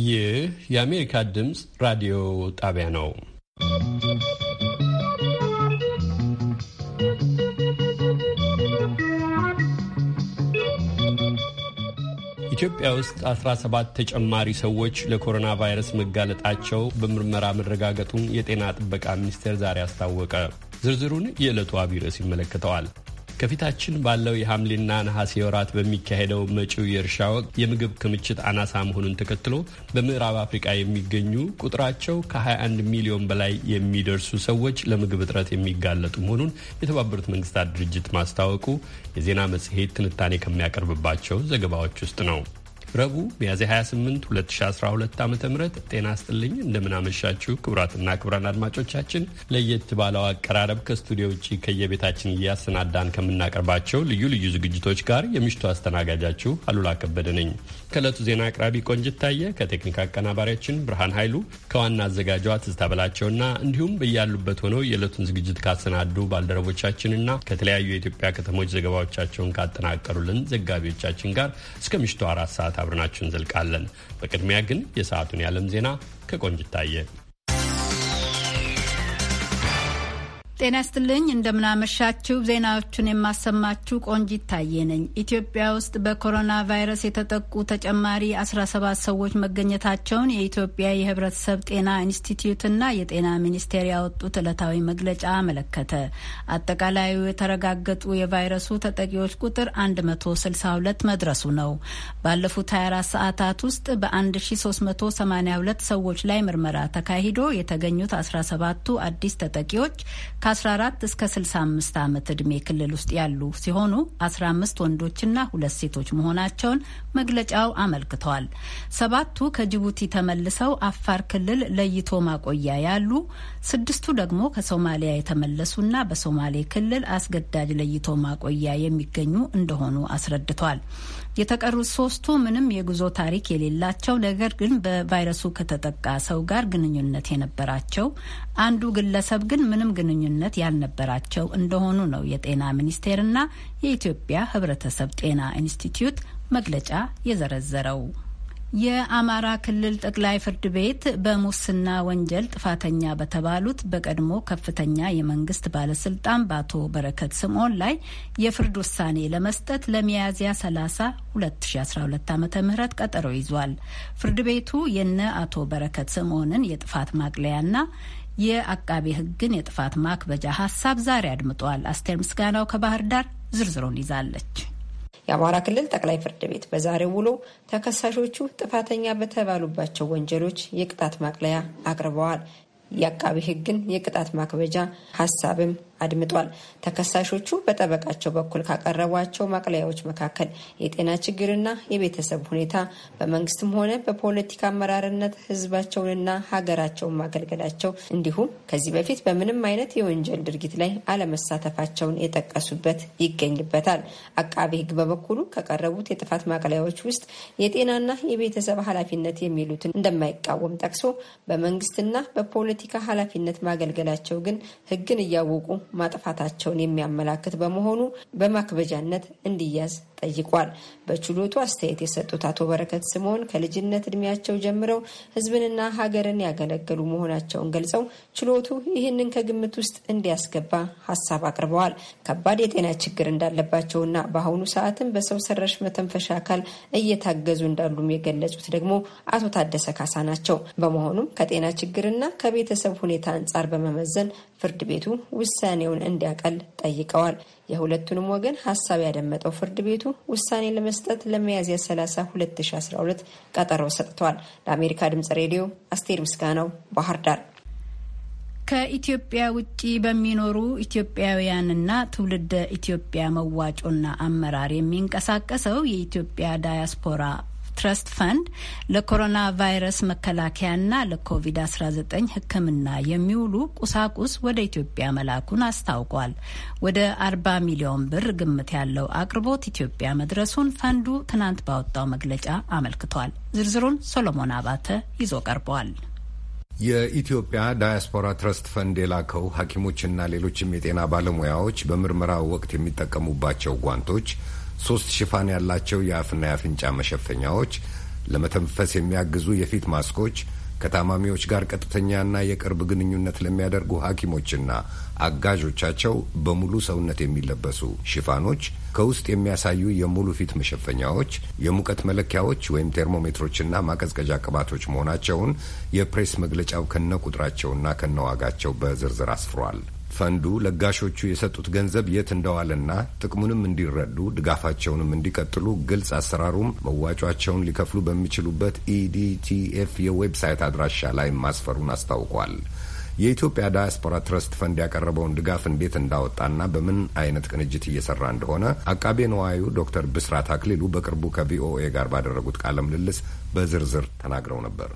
ይህ የአሜሪካ ድምፅ ራዲዮ ጣቢያ ነው። ኢትዮጵያ ውስጥ 17 ተጨማሪ ሰዎች ለኮሮና ቫይረስ መጋለጣቸው በምርመራ መረጋገጡን የጤና ጥበቃ ሚኒስቴር ዛሬ አስታወቀ። ዝርዝሩን የዕለቱ አቢይ ርዕስ ይመለከተዋል። ከፊታችን ባለው የሐምሌና ነሐሴ ወራት በሚካሄደው መጪው የእርሻ ወቅት የምግብ ክምችት አናሳ መሆኑን ተከትሎ በምዕራብ አፍሪቃ የሚገኙ ቁጥራቸው ከ21 ሚሊዮን በላይ የሚደርሱ ሰዎች ለምግብ እጥረት የሚጋለጡ መሆኑን የተባበሩት መንግስታት ድርጅት ማስታወቁ የዜና መጽሔት ትንታኔ ከሚያቀርብባቸው ዘገባዎች ውስጥ ነው። ረቡዕ ሚያዝያ 28 2012 ዓ ም ጤና ስጥልኝ እንደምናመሻችሁ ክቡራትና ክቡራን አድማጮቻችን ለየት ባለው አቀራረብ ከስቱዲዮ ውጭ ከየቤታችን እያሰናዳን ከምናቀርባቸው ልዩ ልዩ ዝግጅቶች ጋር የምሽቱ አስተናጋጃችሁ አሉላ ከበደ ነኝ። ከእለቱ ዜና አቅራቢ ቆንጅት ታየ፣ ከቴክኒክ አቀናባሪያችን ብርሃን ኃይሉ፣ ከዋና አዘጋጇ ትዝታ በላቸውና እንዲሁም በያሉበት ሆነው የዕለቱን ዝግጅት ካሰናዱ ባልደረቦቻችንና ከተለያዩ የኢትዮጵያ ከተሞች ዘገባዎቻቸውን ካጠናቀሩልን ዘጋቢዎቻችን ጋር እስከ ምሽቱ አራት ሰዓት አብረናችሁ እንዘልቃለን። በቅድሚያ ግን የሰዓቱን የዓለም ዜና ከቆንጅት ታየ ጤና ስትልኝ እንደምናመሻችው ዜናዎቹን የማሰማችሁ ቆንጅ ይታየ ነኝ። ኢትዮጵያ ውስጥ በኮሮና ቫይረስ የተጠቁ ተጨማሪ 17 ሰዎች መገኘታቸውን የኢትዮጵያ የሕብረተሰብ ጤና ኢንስቲትዩትና የጤና ሚኒስቴር ያወጡት ዕለታዊ መግለጫ አመለከተ። አጠቃላዩ የተረጋገጡ የቫይረሱ ተጠቂዎች ቁጥር 162 መድረሱ ነው። ባለፉት 24 ሰዓታት ውስጥ በ1382 ሰዎች ላይ ምርመራ ተካሂዶ የተገኙት 17ቱ አዲስ ተጠቂዎች 14 እስከ 65 ዓመት ዕድሜ ክልል ውስጥ ያሉ ሲሆኑ 15 ወንዶችና ሁለት ሴቶች መሆናቸውን መግለጫው አመልክተዋል። ሰባቱ ከጅቡቲ ተመልሰው አፋር ክልል ለይቶ ማቆያ ያሉ፣ ስድስቱ ደግሞ ከሶማሊያ የተመለሱና በሶማሌ ክልል አስገዳጅ ለይቶ ማቆያ የሚገኙ እንደሆኑ አስረድቷል። የተቀሩት ሶስቱ ምንም የጉዞ ታሪክ የሌላቸው ነገር ግን በቫይረሱ ከተጠቃ ሰው ጋር ግንኙነት የነበራቸው፣ አንዱ ግለሰብ ግን ምንም ግንኙነት ያልነበራቸው እንደሆኑ ነው የጤና ሚኒስቴርና የኢትዮጵያ ሕብረተሰብ ጤና ኢንስቲትዩት መግለጫ የዘረዘረው። የአማራ ክልል ጠቅላይ ፍርድ ቤት በሙስና ወንጀል ጥፋተኛ በተባሉት በቀድሞ ከፍተኛ የመንግስት ባለስልጣን በአቶ በረከት ስምዖን ላይ የፍርድ ውሳኔ ለመስጠት ለሚያዝያ 30 2012 ዓ ም ቀጠሮ ይዟል። ፍርድ ቤቱ የነ አቶ በረከት ስምዖንን የጥፋት ማቅለያና የአቃቤ ሕግን የጥፋት ማክበጃ ሀሳብ ዛሬ አድምጧል። አስቴር ምስጋናው ከባህር ዳር ዝርዝሩን ይዛለች። የአማራ ክልል ጠቅላይ ፍርድ ቤት በዛሬው ውሎ ተከሳሾቹ ጥፋተኛ በተባሉባቸው ወንጀሎች የቅጣት ማቅለያ አቅርበዋል። የአቃቢ ሕግን የቅጣት ማክበጃ ሀሳብም አድምጧል። ተከሳሾቹ በጠበቃቸው በኩል ካቀረቧቸው ማቅለያዎች መካከል የጤና ችግርና የቤተሰብ ሁኔታ፣ በመንግስትም ሆነ በፖለቲካ አመራርነት ህዝባቸውንና ሀገራቸውን ማገልገላቸው እንዲሁም ከዚህ በፊት በምንም አይነት የወንጀል ድርጊት ላይ አለመሳተፋቸውን የጠቀሱበት ይገኝበታል። አቃቤ ህግ በበኩሉ ከቀረቡት የጥፋት ማቅለያዎች ውስጥ የጤናና የቤተሰብ ኃላፊነት የሚሉትን እንደማይቃወም ጠቅሶ በመንግስትና በፖለቲካ ኃላፊነት ማገልገላቸው ግን ህግን እያወቁ ማጥፋታቸውን የሚያመላክት በመሆኑ በማክበጃነት እንዲያዝ ጠይቋል። በችሎቱ አስተያየት የሰጡት አቶ በረከት ስምኦን ከልጅነት እድሜያቸው ጀምረው ሕዝብንና ሀገርን ያገለገሉ መሆናቸውን ገልጸው ችሎቱ ይህንን ከግምት ውስጥ እንዲያስገባ ሀሳብ አቅርበዋል። ከባድ የጤና ችግር እንዳለባቸውና በአሁኑ ሰዓትም በሰው ሰራሽ መተንፈሻ አካል እየታገዙ እንዳሉም የገለጹት ደግሞ አቶ ታደሰ ካሳ ናቸው። በመሆኑም ከጤና ችግርና ከቤተሰብ ሁኔታ አንጻር በመመዘን ፍርድ ቤቱ ውሳኔ ውሳኔውን እንዲያቀል ጠይቀዋል። የሁለቱንም ወገን ሀሳብ ያደመጠው ፍርድ ቤቱ ውሳኔ ለመስጠት ለሚያዝያ 30 2012 ቀጠሮ ሰጥቷል። ለአሜሪካ ድምጽ ሬዲዮ አስቴር ምስጋናው ባህር ዳር። ከኢትዮጵያ ውጭ በሚኖሩ ኢትዮጵያውያንና ትውልደ ኢትዮጵያ መዋጮና አመራር የሚንቀሳቀሰው የኢትዮጵያ ዳያስፖራ ትረስት ፈንድ ለኮሮና ቫይረስ መከላከያና ለኮቪድ-19 ሕክምና የሚውሉ ቁሳቁስ ወደ ኢትዮጵያ መላኩን አስታውቋል። ወደ 40 ሚሊዮን ብር ግምት ያለው አቅርቦት ኢትዮጵያ መድረሱን ፈንዱ ትናንት ባወጣው መግለጫ አመልክቷል። ዝርዝሩን ሶሎሞን አባተ ይዞ ቀርበዋል። የኢትዮጵያ ዳያስፖራ ትረስት ፈንድ የላከው ሐኪሞችና ሌሎችም የጤና ባለሙያዎች በምርመራ ወቅት የሚጠቀሙባቸው ጓንቶች ሶስት ሽፋን ያላቸው የአፍና የአፍንጫ መሸፈኛዎች፣ ለመተንፈስ የሚያግዙ የፊት ማስኮች፣ ከታማሚዎች ጋር ቀጥተኛና የቅርብ ግንኙነት ለሚያደርጉ ሐኪሞችና አጋዦቻቸው በሙሉ ሰውነት የሚለበሱ ሽፋኖች፣ ከውስጥ የሚያሳዩ የሙሉ ፊት መሸፈኛዎች፣ የሙቀት መለኪያዎች ወይም ቴርሞሜትሮችና ማቀዝቀዣ ቅባቶች መሆናቸውን የፕሬስ መግለጫው ከነ ቁጥራቸውና ከነ ዋጋቸው በዝርዝር አስፍሯል። ፈንዱ ለጋሾቹ የሰጡት ገንዘብ የት እንደዋለና ጥቅሙንም እንዲረዱ ድጋፋቸውንም እንዲቀጥሉ ግልጽ አሰራሩም መዋጯቸውን ሊከፍሉ በሚችሉበት ኢዲቲኤፍ e የዌብሳይት አድራሻ ላይ ማስፈሩን አስታውቋል። የኢትዮጵያ ዳያስፖራ ትረስት ፈንድ ያቀረበውን ድጋፍ እንዴት እንዳወጣና በምን አይነት ቅንጅት እየሰራ እንደሆነ አቃቤ ነዋዩ ዶክተር ብስራት አክሊሉ በቅርቡ ከቪኦኤ ጋር ባደረጉት ቃለ ምልልስ በዝርዝር ተናግረው ነበር።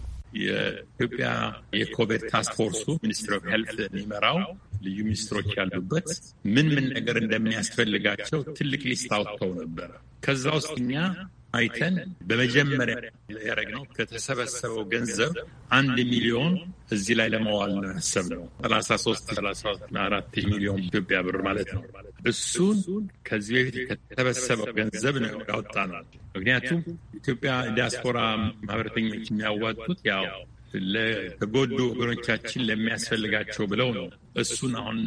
የኢትዮጵያ የኮቪድ ታስክ ፎርሱ ሚኒስትር ኦፍ ሄልት የሚመራው ልዩ ሚኒስትሮች ያሉበት ምን ምን ነገር እንደሚያስፈልጋቸው ትልቅ ሊስት አውጥተው ነበረ። ከዛ ውስጥ እኛ አይተን በመጀመሪያ ያደረግነው ከተሰበሰበው ገንዘብ አንድ ሚሊዮን እዚህ ላይ ለመዋል ያሰብነው ሰላሳ ሶስት ሰላሳ አራት ሚሊዮን ኢትዮጵያ ብር ማለት ነው። እሱን ከዚህ በፊት ከተሰበሰበው ገንዘብ ነው ያወጣነው። ምክንያቱም ኢትዮጵያ ዲያስፖራ ማህበረተኞች የሚያዋጡት ያው ለተጎዱ ወገኖቻችን ለሚያስፈልጋቸው ብለው ነው። እሱን አሁን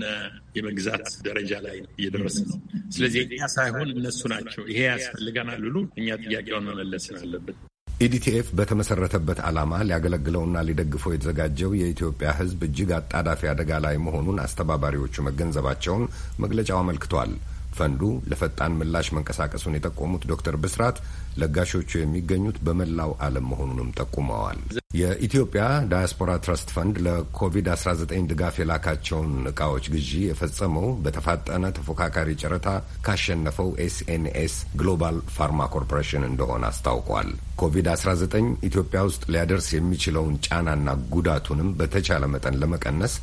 የመግዛት ደረጃ ላይ እየደረስ ነው። ስለዚህ እኛ ሳይሆን እነሱ ናቸው ይሄ ያስፈልገናል ብሉ እኛ ጥያቄውን መመለስን አለብን። ኢዲቲኤፍ በተመሰረተበት ዓላማ ሊያገለግለውና ሊደግፈው የተዘጋጀው የኢትዮጵያ ሕዝብ እጅግ አጣዳፊ አደጋ ላይ መሆኑን አስተባባሪዎቹ መገንዘባቸውን መግለጫው አመልክቷል። ፈንዱ ለፈጣን ምላሽ መንቀሳቀሱን የጠቆሙት ዶክተር ብስራት ለጋሾቹ የሚገኙት በመላው ዓለም መሆኑንም ጠቁመዋል። የኢትዮጵያ ዳያስፖራ ትረስት ፈንድ ለኮቪድ-19 ድጋፍ የላካቸውን እቃዎች ግዢ የፈጸመው በተፋጠነ ተፎካካሪ ጨረታ ካሸነፈው ኤስኤንኤስ ግሎባል ፋርማ ኮርፖሬሽን እንደሆነ አስታውቋል። ኮቪድ-19 ኢትዮጵያ ውስጥ ሊያደርስ የሚችለውን ጫናና ጉዳቱንም በተቻለ መጠን ለመቀነስ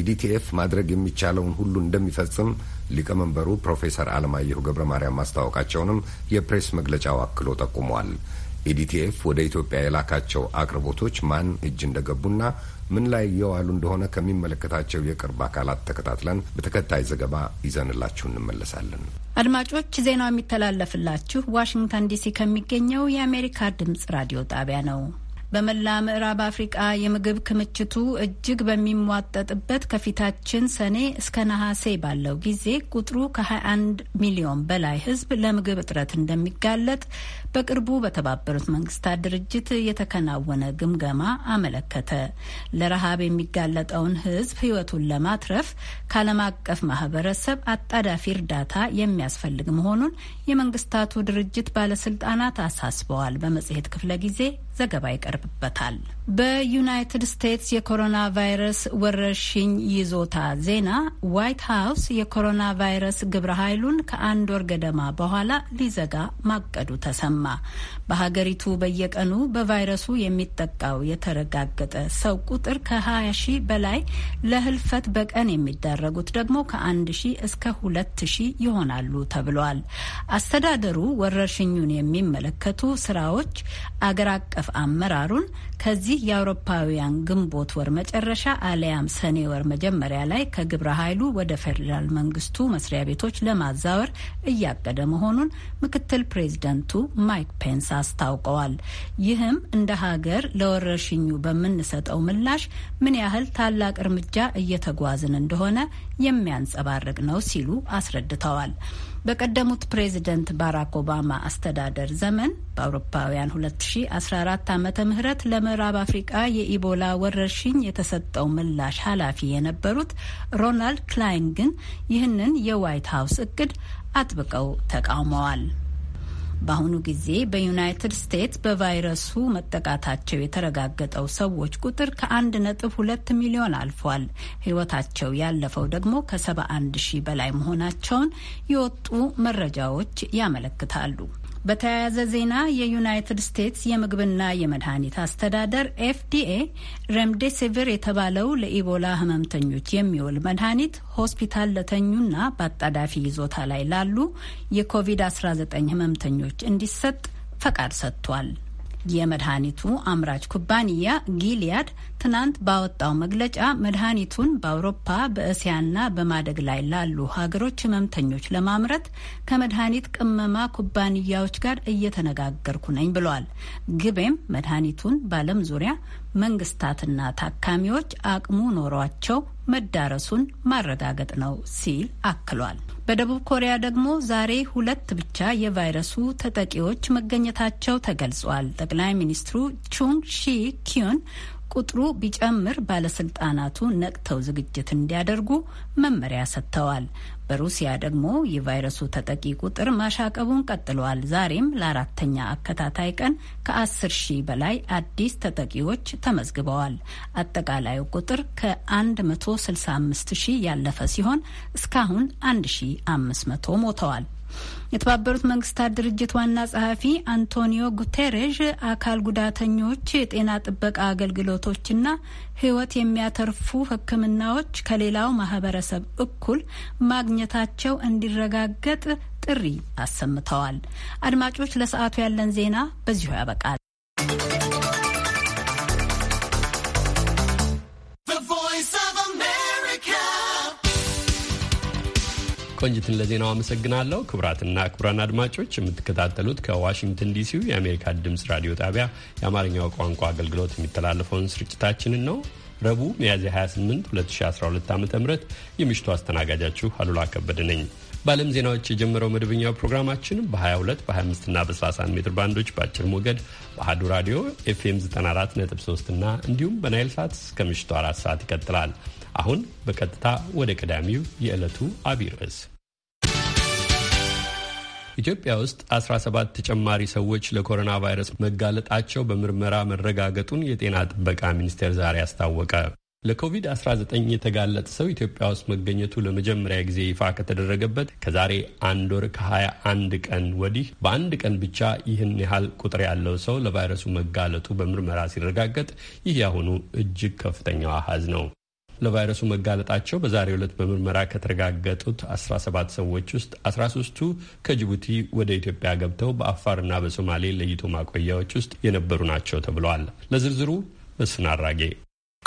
ኢዲቲኤፍ ማድረግ የሚቻለውን ሁሉ እንደሚፈጽም ሊቀመንበሩ ፕሮፌሰር አለማየሁ ገብረ ማርያም ማስታወቃቸውንም የፕሬስ መግለጫው አክሎ ጠቁሟል። ኢዲቲኤፍ ወደ ኢትዮጵያ የላካቸው አቅርቦቶች ማን እጅ እንደገቡና ምን ላይ እየዋሉ እንደሆነ ከሚመለከታቸው የቅርብ አካላት ተከታትለን በተከታይ ዘገባ ይዘንላችሁ እንመለሳለን። አድማጮች፣ ዜናው የሚተላለፍላችሁ ዋሽንግተን ዲሲ ከሚገኘው የአሜሪካ ድምጽ ራዲዮ ጣቢያ ነው። በመላ ምዕራብ አፍሪቃ የምግብ ክምችቱ እጅግ በሚሟጠጥበት ከፊታችን ሰኔ እስከ ነሐሴ ባለው ጊዜ ቁጥሩ ከ21 ሚሊዮን በላይ ሕዝብ ለምግብ እጥረት እንደሚጋለጥ በቅርቡ በተባበሩት መንግስታት ድርጅት የተከናወነ ግምገማ አመለከተ። ለረሃብ የሚጋለጠውን ሕዝብ ሕይወቱን ለማትረፍ ከዓለም አቀፍ ማህበረሰብ አጣዳፊ እርዳታ የሚያስፈልግ መሆኑን የመንግስታቱ ድርጅት ባለስልጣናት አሳስበዋል። በመጽሔት ክፍለ ጊዜ ዘገባ ይቀርብበታል። በዩናይትድ ስቴትስ የኮሮና ቫይረስ ወረርሽኝ ይዞታ ዜና ዋይት ሀውስ የኮሮና ቫይረስ ግብረ ኃይሉን ከአንድ ወር ገደማ በኋላ ሊዘጋ ማቀዱ ተሰማ። በሀገሪቱ በየቀኑ በቫይረሱ የሚጠቃው የተረጋገጠ ሰው ቁጥር ከ20 ሺህ በላይ ለህልፈት በቀን የሚደረጉት ደግሞ ከ1 ሺህ እስከ 2 ሺህ ይሆናሉ ተብሏል። አስተዳደሩ ወረርሽኙን የሚመለከቱ ስራዎች አገር አቀፍ አመራሩን ከዚህ በዚህ የአውሮፓውያን ግንቦት ወር መጨረሻ አሊያም ሰኔ ወር መጀመሪያ ላይ ከግብረ ኃይሉ ወደ ፌዴራል መንግስቱ መስሪያ ቤቶች ለማዛወር እያቀደ መሆኑን ምክትል ፕሬዚደንቱ ማይክ ፔንስ አስታውቀዋል። ይህም እንደ ሀገር ለወረርሽኙ በምንሰጠው ምላሽ ምን ያህል ታላቅ እርምጃ እየተጓዝን እንደሆነ የሚያንጸባርቅ ነው ሲሉ አስረድተዋል። በቀደሙት ፕሬዚደንት ባራክ ኦባማ አስተዳደር ዘመን በአውሮፓውያን 2014 ዓመተ ምህረት ለምዕራብ አፍሪቃ የኢቦላ ወረርሽኝ የተሰጠው ምላሽ ኃላፊ የነበሩት ሮናልድ ክላይን ግን ይህንን የዋይት ሀውስ እቅድ አጥብቀው ተቃውመዋል። በአሁኑ ጊዜ በዩናይትድ ስቴትስ በቫይረሱ መጠቃታቸው የተረጋገጠው ሰዎች ቁጥር ከአንድ ነጥብ ሁለት ሚሊዮን አልፏል። ሕይወታቸው ያለፈው ደግሞ ከሰባ አንድ ሺህ በላይ መሆናቸውን የወጡ መረጃዎች ያመለክታሉ። በተያያዘ ዜና የዩናይትድ ስቴትስ የምግብና የመድኃኒት አስተዳደር ኤፍዲኤ ሬምዴሲቪር የተባለው ለኢቦላ ህመምተኞች የሚውል መድኃኒት ሆስፒታል ለተኙና በአጣዳፊ ይዞታ ላይ ላሉ የኮቪድ-19 ህመምተኞች እንዲሰጥ ፈቃድ ሰጥቷል። የመድኃኒቱ አምራች ኩባንያ ጊሊያድ ትናንት ባወጣው መግለጫ መድኃኒቱን በአውሮፓ በእስያና በማደግ ላይ ላሉ ሀገሮች ህመምተኞች ለማምረት ከመድኃኒት ቅመማ ኩባንያዎች ጋር እየተነጋገርኩ ነኝ ብሏል። ግቤም መድኃኒቱን በዓለም ዙሪያ መንግስታትና ታካሚዎች አቅሙ ኖሯቸው መዳረሱን ማረጋገጥ ነው ሲል አክሏል። በደቡብ ኮሪያ ደግሞ ዛሬ ሁለት ብቻ የቫይረሱ ተጠቂዎች መገኘታቸው ተገልጿል። ጠቅላይ ሚኒስትሩ ቹንግ ሺ ኪዩን ቁጥሩ ቢጨምር ባለስልጣናቱ ነቅተው ዝግጅት እንዲያደርጉ መመሪያ ሰጥተዋል። በሩሲያ ደግሞ የቫይረሱ ተጠቂ ቁጥር ማሻቀቡን ቀጥሏል። ዛሬም ለአራተኛ አከታታይ ቀን ከአስር ሺህ በላይ አዲስ ተጠቂዎች ተመዝግበዋል። አጠቃላዩ ቁጥር ከ165 ሺህ ያለፈ ሲሆን እስካሁን 1500 ሞተዋል። የተባበሩት መንግስታት ድርጅት ዋና ጸሐፊ አንቶኒዮ ጉቴሬዥ አካል ጉዳተኞች የጤና ጥበቃ አገልግሎቶችና ሕይወት የሚያተርፉ ሕክምናዎች ከሌላው ማህበረሰብ እኩል ማግኘታቸው እንዲረጋገጥ ጥሪ አሰምተዋል። አድማጮች፣ ለሰዓቱ ያለን ዜና በዚሁ ያበቃል። ቆንጅትን ለዜናው አመሰግናለሁ። ክቡራትና ክቡራን አድማጮች የምትከታተሉት ከዋሽንግተን ዲሲው የአሜሪካ ድምፅ ራዲዮ ጣቢያ የአማርኛው ቋንቋ አገልግሎት የሚተላለፈውን ስርጭታችንን ነው። ረቡዕ ሚያዝያ 28 2012 ዓ ም የምሽቱ አስተናጋጃችሁ አሉላ ከበደ ነኝ። በዓለም ዜናዎች የጀመረው መደበኛው ፕሮግራማችን በ22 በ25 እና በ31 ሜትር ባንዶች በአጭር ሞገድ በአህዱ ራዲዮ ኤፍኤም 94.3 እና እንዲሁም በናይል ሳት እስከ ምሽቱ አራት ሰዓት ይቀጥላል። አሁን በቀጥታ ወደ ቀዳሚው የዕለቱ አቢይ ርዕስ ኢትዮጵያ ውስጥ 17 ተጨማሪ ሰዎች ለኮሮና ቫይረስ መጋለጣቸው በምርመራ መረጋገጡን የጤና ጥበቃ ሚኒስቴር ዛሬ አስታወቀ። ለኮቪድ-19 የተጋለጠ ሰው ኢትዮጵያ ውስጥ መገኘቱ ለመጀመሪያ ጊዜ ይፋ ከተደረገበት ከዛሬ አንድ ወር ከ21 ቀን ወዲህ በአንድ ቀን ብቻ ይህን ያህል ቁጥር ያለው ሰው ለቫይረሱ መጋለጡ በምርመራ ሲረጋገጥ ይህ ያሁኑ እጅግ ከፍተኛው አሀዝ ነው። ለቫይረሱ መጋለጣቸው በዛሬው ዕለት በምርመራ ከተረጋገጡት 17 ሰዎች ውስጥ 13ቱ ከጅቡቲ ወደ ኢትዮጵያ ገብተው በአፋርና በሶማሌ ለይቶ ማቆያዎች ውስጥ የነበሩ ናቸው ተብለዋል። ለዝርዝሩ መስፍን አራጌ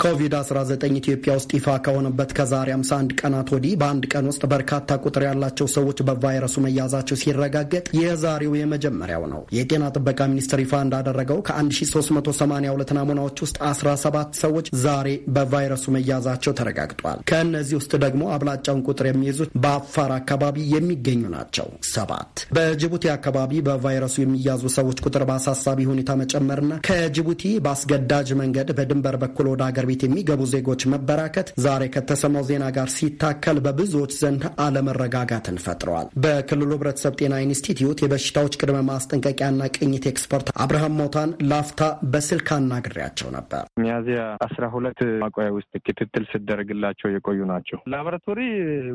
ኮቪድ-19 ኢትዮጵያ ውስጥ ይፋ ከሆነበት ከዛሬ 51 ቀናት ወዲህ በአንድ ቀን ውስጥ በርካታ ቁጥር ያላቸው ሰዎች በቫይረሱ መያዛቸው ሲረጋገጥ የዛሬው የመጀመሪያው ነው። የጤና ጥበቃ ሚኒስቴር ይፋ እንዳደረገው ከ1382 ናሙናዎች ውስጥ 17 ሰዎች ዛሬ በቫይረሱ መያዛቸው ተረጋግጧል። ከእነዚህ ውስጥ ደግሞ አብላጫውን ቁጥር የሚይዙት በአፋር አካባቢ የሚገኙ ናቸው ሰባት። በጅቡቲ አካባቢ በቫይረሱ የሚያዙ ሰዎች ቁጥር በአሳሳቢ ሁኔታ መጨመርና ከጅቡቲ በአስገዳጅ መንገድ በድንበር በኩል ወደ አገር ቤት የሚገቡ ዜጎች መበራከት ዛሬ ከተሰማው ዜና ጋር ሲታከል በብዙዎች ዘንድ አለመረጋጋትን ፈጥረዋል። በክልሉ ህብረተሰብ ጤና ኢንስቲትዩት የበሽታዎች ቅድመ ማስጠንቀቂያና ቅኝት ኤክስፐርት አብርሃም ሞታን ላፍታ በስልክ አናግሬያቸው ነበር። ሚያዝያ አስራ ሁለት ማቆያ ውስጥ ክትትል ስደረግላቸው የቆዩ ናቸው። ላቦራቶሪ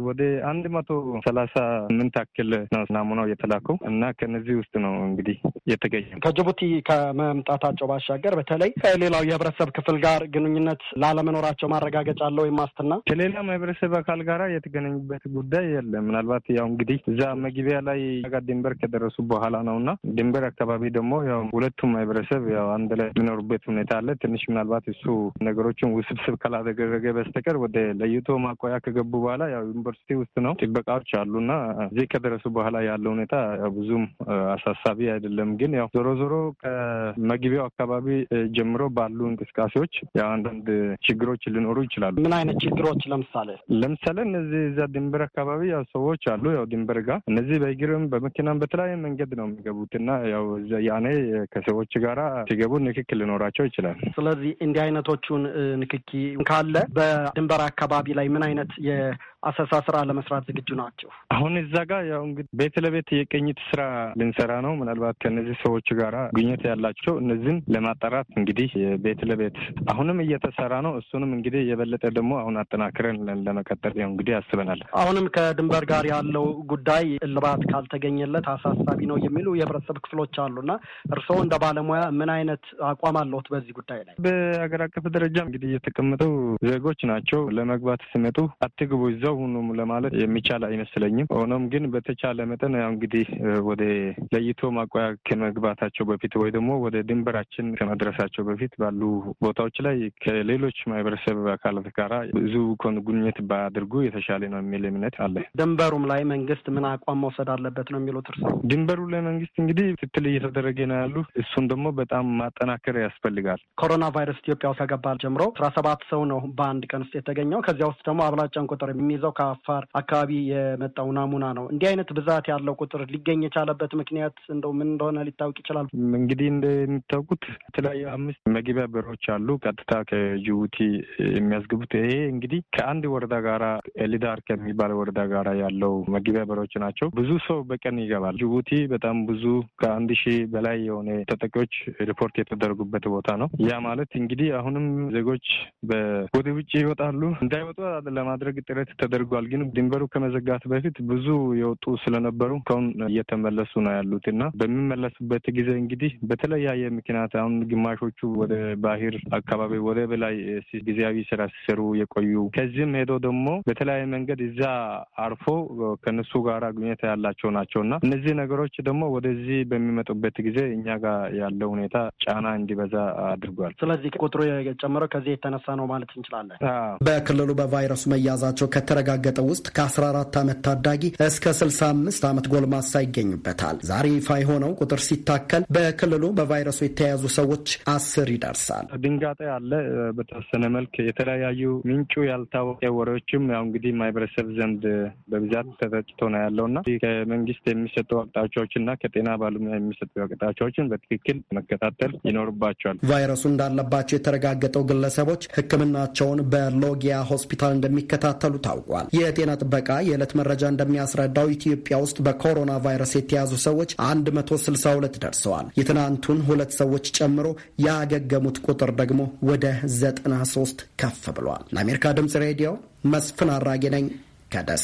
ወደ አንድ መቶ ሰላሳ ስምንት ያክል ነው ናሙናው የተላከው እና ከነዚህ ውስጥ ነው እንግዲህ የተገኘ ከጅቡቲ ከመምጣታቸው ባሻገር በተለይ ከሌላው የህብረተሰብ ክፍል ጋር ግንኙነት ግንኙነት ላለመኖራቸው ማረጋገጫ አለ ወይም ዋስትና? ከሌላ ማህበረሰብ አካል ጋራ የተገናኙበት ጉዳይ የለም። ምናልባት ያው እንግዲህ እዛ መግቢያ ላይ ጋር ድንበር ከደረሱ በኋላ ነው እና ድንበር አካባቢ ደግሞ ያው ሁለቱም ማህበረሰብ ያው አንድ ላይ የሚኖሩበት ሁኔታ አለ። ትንሽ ምናልባት እሱ ነገሮችን ውስብስብ ካላደረገ በስተቀር ወደ ለይቶ ማቆያ ከገቡ በኋላ ያው ዩኒቨርሲቲ ውስጥ ነው ጥበቃዎች አሉና እዚህ ከደረሱ በኋላ ያለ ሁኔታ ብዙም አሳሳቢ አይደለም። ግን ያው ዞሮ ዞሮ ከመግቢያው አካባቢ ጀምሮ ባሉ እንቅስቃሴዎች ያው አንዳንድ ችግሮች ሊኖሩ ይችላሉ። ምን አይነት ችግሮች? ለምሳሌ ለምሳሌ እነዚህ እዛ ድንበር አካባቢ ያው ሰዎች አሉ። ያው ድንበር ጋር እነዚህ በእግርም በመኪናም በተለያየ መንገድ ነው የሚገቡት እና ያው ያኔ ከሰዎች ጋራ ሲገቡ ንክክ ሊኖራቸው ይችላል። ስለዚህ እንዲህ አይነቶቹን ንክኪ ካለ በድንበር አካባቢ ላይ ምን አይነት አሰሳ ስራ ለመስራት ዝግጁ ናቸው? አሁን እዛ ጋር ያው እንግዲህ ቤት ለቤት የቅኝት ስራ ልንሰራ ነው። ምናልባት ከእነዚህ ሰዎች ጋር ግንኙነት ያላቸው እነዚህን ለማጣራት እንግዲህ ቤት ለቤት አሁንም እየተሰራ ነው። እሱንም እንግዲህ የበለጠ ደግሞ አሁን አጠናክረን ለመቀጠል ያው እንግዲህ ያስበናል። አሁንም ከድንበር ጋር ያለው ጉዳይ እልባት ካልተገኘለት አሳሳቢ ነው የሚሉ የህብረተሰብ ክፍሎች አሉና እርስዎ እንደ ባለሙያ ምን አይነት አቋም አለሁት በዚህ ጉዳይ ላይ? በሀገር አቀፍ ደረጃ እንግዲህ የተቀመጠው ዜጎች ናቸው ለመግባት ሲመጡ አትግቡ ይዘው ያለው ሁሉም ለማለት የሚቻል አይመስለኝም። ሆኖም ግን በተቻለ መጠን ያው እንግዲህ ወደ ለይቶ ማቆያ ከመግባታቸው በፊት ወይ ደግሞ ወደ ድንበራችን ከመድረሳቸው በፊት ባሉ ቦታዎች ላይ ከሌሎች ማህበረሰብ አካላት ጋር ብዙ ጉብኝት ባያደርጉ የተሻለ ነው የሚል እምነት አለ። ድንበሩም ላይ መንግስት ምን አቋም መውሰድ አለበት ነው የሚሉት እርስ ድንበሩ ላይ መንግስት እንግዲህ ትትል እየተደረገ ነው ያሉ፣ እሱን ደግሞ በጣም ማጠናከር ያስፈልጋል። ኮሮና ቫይረስ ኢትዮጵያ ውስጥ ከገባ ጀምሮ አስራ ሰባት ሰው ነው በአንድ ቀን ውስጥ የተገኘው። ከዚያ ውስጥ ደግሞ አብላጫን ቁጥር የሚይዘው ከዛው ከአፋር አካባቢ የመጣው ናሙና ነው። እንዲህ አይነት ብዛት ያለው ቁጥር ሊገኝ የቻለበት ምክንያት እንደው ምን እንደሆነ ሊታወቅ ይችላል? እንግዲህ እንደሚታወቁት የተለያዩ አምስት መግቢያ በሮች አሉ፣ ቀጥታ ከጅቡቲ የሚያስገቡት። ይሄ እንግዲህ ከአንድ ወረዳ ጋራ ኤሊዳር ከሚባል ወረዳ ጋራ ያለው መግቢያ በሮች ናቸው። ብዙ ሰው በቀን ይገባል። ጅቡቲ በጣም ብዙ ከአንድ ሺህ በላይ የሆነ ተጠቂዎች ሪፖርት የተደረጉበት ቦታ ነው። ያ ማለት እንግዲህ አሁንም ዜጎች በወደ ውጭ ይወጣሉ እንዳይወጡ ለማድረግ ጥረት ተደርጓል። ግን ድንበሩ ከመዘጋት በፊት ብዙ የወጡ ስለነበሩ ከሁን እየተመለሱ ነው ያሉት እና በሚመለሱበት ጊዜ እንግዲህ በተለያየ ምክንያት አሁን ግማሾቹ ወደ ባህር አካባቢ ወደ በላይ ጊዜያዊ ስራ ሲሰሩ የቆዩ ከዚህም ሄዶ ደግሞ በተለያየ መንገድ እዛ አርፎ ከነሱ ጋር ግኘታ ያላቸው ናቸው እና እነዚህ ነገሮች ደግሞ ወደዚህ በሚመጡበት ጊዜ እኛ ጋር ያለው ሁኔታ ጫና እንዲበዛ አድርጓል። ስለዚህ ቁጥሩ የጨመረው ከዚህ የተነሳ ነው ማለት እንችላለን። በክልሉ በቫይረሱ መያዛቸው ከተረ ከተረጋገጠው ውስጥ ከ14 ዓመት ታዳጊ እስከ 65 ዓመት ጎልማሳ ይገኙበታል። ዛሬ ይፋ የሆነው ቁጥር ሲታከል በክልሉ በቫይረሱ የተያያዙ ሰዎች አስር ይደርሳል። ድንጋጤ አለ። በተወሰነ መልክ የተለያዩ ምንጩ ያልታወቀ ወሬዎችም ያው እንግዲህ ማህበረሰብ ዘንድ በብዛት ተተጭቶ ነው ያለውና ከመንግስት የሚሰጡ አቅጣጫዎችና ከጤና ባለሙያ የሚሰጡ አቅጣጫዎችን በትክክል መከታተል ይኖርባቸዋል። ቫይረሱ እንዳለባቸው የተረጋገጠው ግለሰቦች ሕክምናቸውን በሎጊያ ሆስፒታል እንደሚከታተሉ ታውቋል። አስታውቋል። የጤና ጥበቃ የዕለት መረጃ እንደሚያስረዳው ኢትዮጵያ ውስጥ በኮሮና ቫይረስ የተያዙ ሰዎች 162 ደርሰዋል። የትናንቱን ሁለት ሰዎች ጨምሮ ያገገሙት ቁጥር ደግሞ ወደ 93 ከፍ ብሏል። ለአሜሪካ ድምጽ ሬዲዮ መስፍን አራጌ ነኝ ከደስ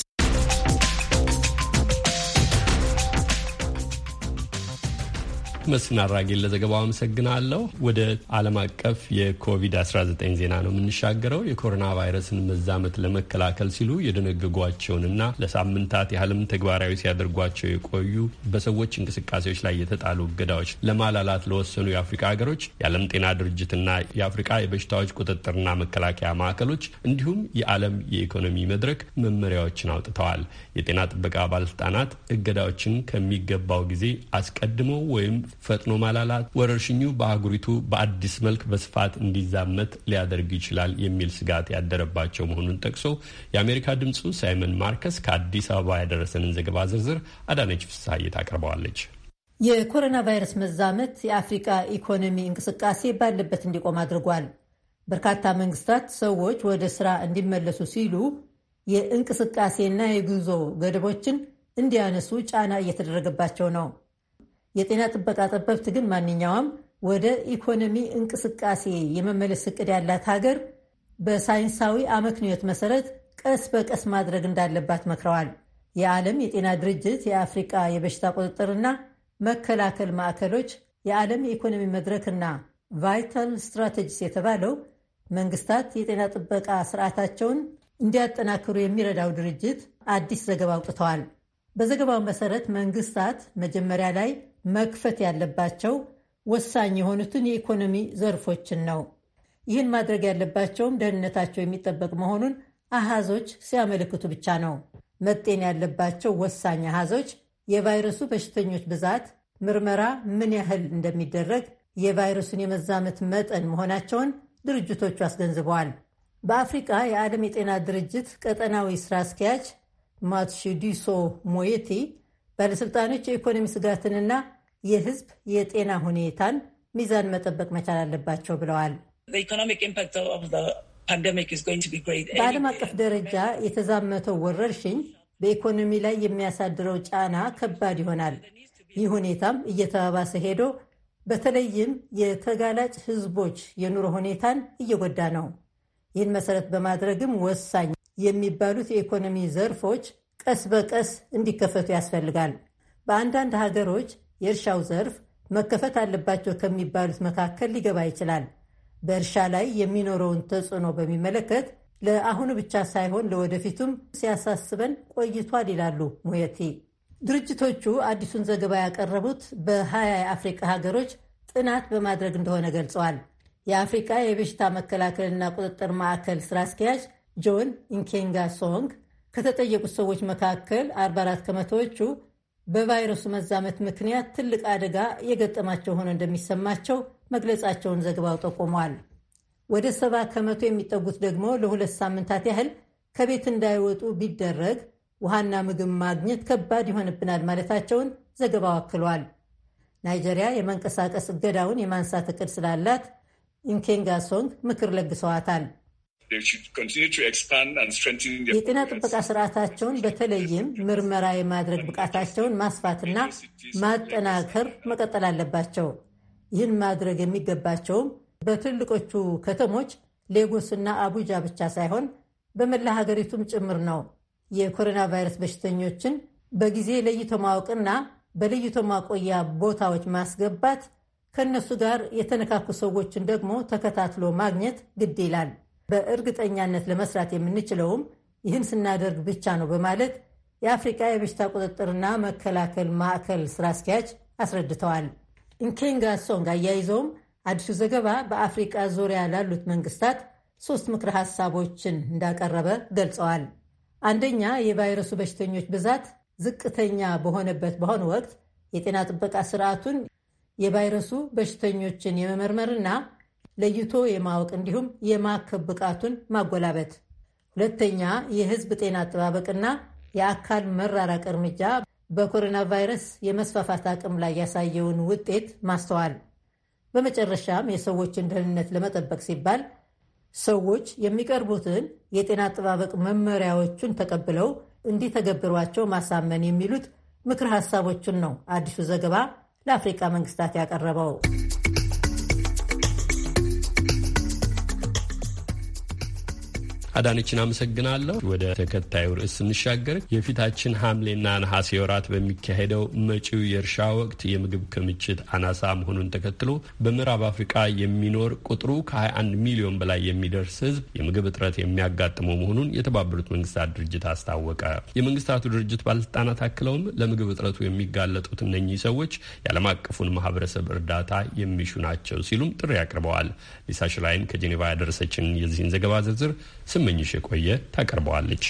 መስፍን አራጌን ለዘገባው አመሰግናለሁ። ወደ ዓለም አቀፍ የኮቪድ-19 ዜና ነው የምንሻገረው። የኮሮና ቫይረስን መዛመት ለመከላከል ሲሉ የደነገጓቸውንና ለሳምንታት ያህልም ተግባራዊ ሲያደርጓቸው የቆዩ በሰዎች እንቅስቃሴዎች ላይ የተጣሉ እገዳዎች ለማላላት ለወሰኑ የአፍሪካ ሀገሮች የዓለም ጤና ድርጅትና የአፍሪካ የበሽታዎች ቁጥጥርና መከላከያ ማዕከሎች እንዲሁም የዓለም የኢኮኖሚ መድረክ መመሪያዎችን አውጥተዋል። የጤና ጥበቃ ባለስልጣናት እገዳዎችን ከሚገባው ጊዜ አስቀድመው ወይም ፈጥኖ ማላላት ወረርሽኙ በአህጉሪቱ በአዲስ መልክ በስፋት እንዲዛመት ሊያደርግ ይችላል የሚል ስጋት ያደረባቸው መሆኑን ጠቅሶ የአሜሪካ ድምፁ ሳይመን ማርከስ ከአዲስ አበባ ያደረሰንን ዘገባ ዝርዝር አዳነች ፍስሐዬ ታቀርበዋለች። የኮሮና ቫይረስ መዛመት የአፍሪቃ ኢኮኖሚ እንቅስቃሴ ባለበት እንዲቆም አድርጓል። በርካታ መንግስታት ሰዎች ወደ ስራ እንዲመለሱ ሲሉ የእንቅስቃሴና የጉዞ ገደቦችን እንዲያነሱ ጫና እየተደረገባቸው ነው። የጤና ጥበቃ ጠበብት ግን ማንኛውም ወደ ኢኮኖሚ እንቅስቃሴ የመመለስ እቅድ ያላት ሀገር በሳይንሳዊ አመክንዮት መሰረት ቀስ በቀስ ማድረግ እንዳለባት መክረዋል። የዓለም የጤና ድርጅት የአፍሪቃ የበሽታ ቁጥጥርና መከላከል ማዕከሎች የዓለም የኢኮኖሚ መድረክና ቫይታል ስትራቴጂስ የተባለው መንግስታት የጤና ጥበቃ ስርዓታቸውን እንዲያጠናክሩ የሚረዳው ድርጅት አዲስ ዘገባ አውጥተዋል። በዘገባው መሰረት መንግስታት መጀመሪያ ላይ መክፈት ያለባቸው ወሳኝ የሆኑትን የኢኮኖሚ ዘርፎችን ነው። ይህን ማድረግ ያለባቸውም ደህንነታቸው የሚጠበቅ መሆኑን አሃዞች ሲያመለክቱ ብቻ ነው። መጤን ያለባቸው ወሳኝ አሃዞች የቫይረሱ በሽተኞች ብዛት፣ ምርመራ ምን ያህል እንደሚደረግ፣ የቫይረሱን የመዛመት መጠን መሆናቸውን ድርጅቶቹ አስገንዝበዋል። በአፍሪቃ የዓለም የጤና ድርጅት ቀጠናዊ ስራ አስኪያጅ ማትሺዲሶ ሞየቲ ባለሥልጣኖች የኢኮኖሚ ስጋትንና የህዝብ የጤና ሁኔታን ሚዛን መጠበቅ መቻል አለባቸው ብለዋል። በዓለም አቀፍ ደረጃ የተዛመተው ወረርሽኝ በኢኮኖሚ ላይ የሚያሳድረው ጫና ከባድ ይሆናል። ይህ ሁኔታም እየተባባሰ ሄዶ በተለይም የተጋላጭ ህዝቦች የኑሮ ሁኔታን እየጎዳ ነው። ይህን መሰረት በማድረግም ወሳኝ የሚባሉት የኢኮኖሚ ዘርፎች ቀስ በቀስ እንዲከፈቱ ያስፈልጋል። በአንዳንድ ሀገሮች የእርሻው ዘርፍ መከፈት አለባቸው ከሚባሉት መካከል ሊገባ ይችላል። በእርሻ ላይ የሚኖረውን ተጽዕኖ በሚመለከት ለአሁኑ ብቻ ሳይሆን ለወደፊቱም ሲያሳስበን ቆይቷል ይላሉ ሙየቲ። ድርጅቶቹ አዲሱን ዘገባ ያቀረቡት በሀያ የአፍሪቃ ሀገሮች ጥናት በማድረግ እንደሆነ ገልጸዋል። የአፍሪቃ የበሽታ መከላከልና ቁጥጥር ማዕከል ስራ አስኪያጅ ጆን ኢንኬንጋ ሶንግ ከተጠየቁት ሰዎች መካከል 44 ከመቶዎቹ በቫይረሱ መዛመት ምክንያት ትልቅ አደጋ የገጠማቸው ሆኖ እንደሚሰማቸው መግለጻቸውን ዘገባው ጠቁሟል። ወደ ሰባ ከመቶ የሚጠጉት ደግሞ ለሁለት ሳምንታት ያህል ከቤት እንዳይወጡ ቢደረግ ውሃና ምግብ ማግኘት ከባድ ይሆንብናል ማለታቸውን ዘገባው አክሏል። ናይጀሪያ የመንቀሳቀስ እገዳውን የማንሳት እቅድ ስላላት ኢንኬንጋሶንግ ምክር ለግሰዋታል። የጤና ጥበቃ ስርዓታቸውን በተለይም ምርመራ የማድረግ ብቃታቸውን ማስፋትና ማጠናከር መቀጠል አለባቸው። ይህን ማድረግ የሚገባቸውም በትልቆቹ ከተሞች ሌጎስና አቡጃ ብቻ ሳይሆን በመላ ሀገሪቱም ጭምር ነው። የኮሮና ቫይረስ በሽተኞችን በጊዜ ለይቶ ማወቅና በለይቶ ማቆያ ቦታዎች ማስገባት፣ ከእነሱ ጋር የተነካኩ ሰዎችን ደግሞ ተከታትሎ ማግኘት ግድ ይላል። በእርግጠኛነት ለመስራት የምንችለውም ይህን ስናደርግ ብቻ ነው በማለት የአፍሪቃ የበሽታ ቁጥጥርና መከላከል ማዕከል ስራ አስኪያጅ አስረድተዋል። ኢንኬንጋ ሶንግ አያይዘውም አዲሱ ዘገባ በአፍሪቃ ዙሪያ ላሉት መንግስታት ሶስት ምክረ ሀሳቦችን እንዳቀረበ ገልጸዋል። አንደኛ የቫይረሱ በሽተኞች ብዛት ዝቅተኛ በሆነበት በአሁኑ ወቅት የጤና ጥበቃ ስርዓቱን የቫይረሱ በሽተኞችን የመመርመርና ለይቶ የማወቅ እንዲሁም የማከብ ብቃቱን ማጎላበት። ሁለተኛ የህዝብ ጤና አጠባበቅና የአካል መራራቅ እርምጃ በኮሮና ቫይረስ የመስፋፋት አቅም ላይ ያሳየውን ውጤት ማስተዋል። በመጨረሻም የሰዎችን ደህንነት ለመጠበቅ ሲባል ሰዎች የሚቀርቡትን የጤና አጠባበቅ መመሪያዎቹን ተቀብለው እንዲተገብሯቸው ማሳመን የሚሉት ምክር ሀሳቦችን ነው አዲሱ ዘገባ ለአፍሪቃ መንግስታት ያቀረበው። አዳነችን አመሰግናለሁ። ወደ ተከታዩ ርዕስ ስንሻገር የፊታችን ሐምሌና ነሐሴ ወራት በሚካሄደው መጪው የእርሻ ወቅት የምግብ ክምችት አናሳ መሆኑን ተከትሎ በምዕራብ አፍሪቃ የሚኖር ቁጥሩ ከ21 ሚሊዮን በላይ የሚደርስ ሕዝብ የምግብ እጥረት የሚያጋጥመው መሆኑን የተባበሩት መንግስታት ድርጅት አስታወቀ። የመንግስታቱ ድርጅት ባለስልጣናት አክለውም ለምግብ እጥረቱ የሚጋለጡት እነኚህ ሰዎች የዓለም አቀፉን ማህበረሰብ እርዳታ የሚሹ ናቸው ሲሉም ጥሪ አቅርበዋል። ሊሳሽ ላይም ከጄኔቫ ያደረሰችን የዚህን ዘገባ ዝርዝር ስመኝሽ የቆየ ታቀርበዋለች።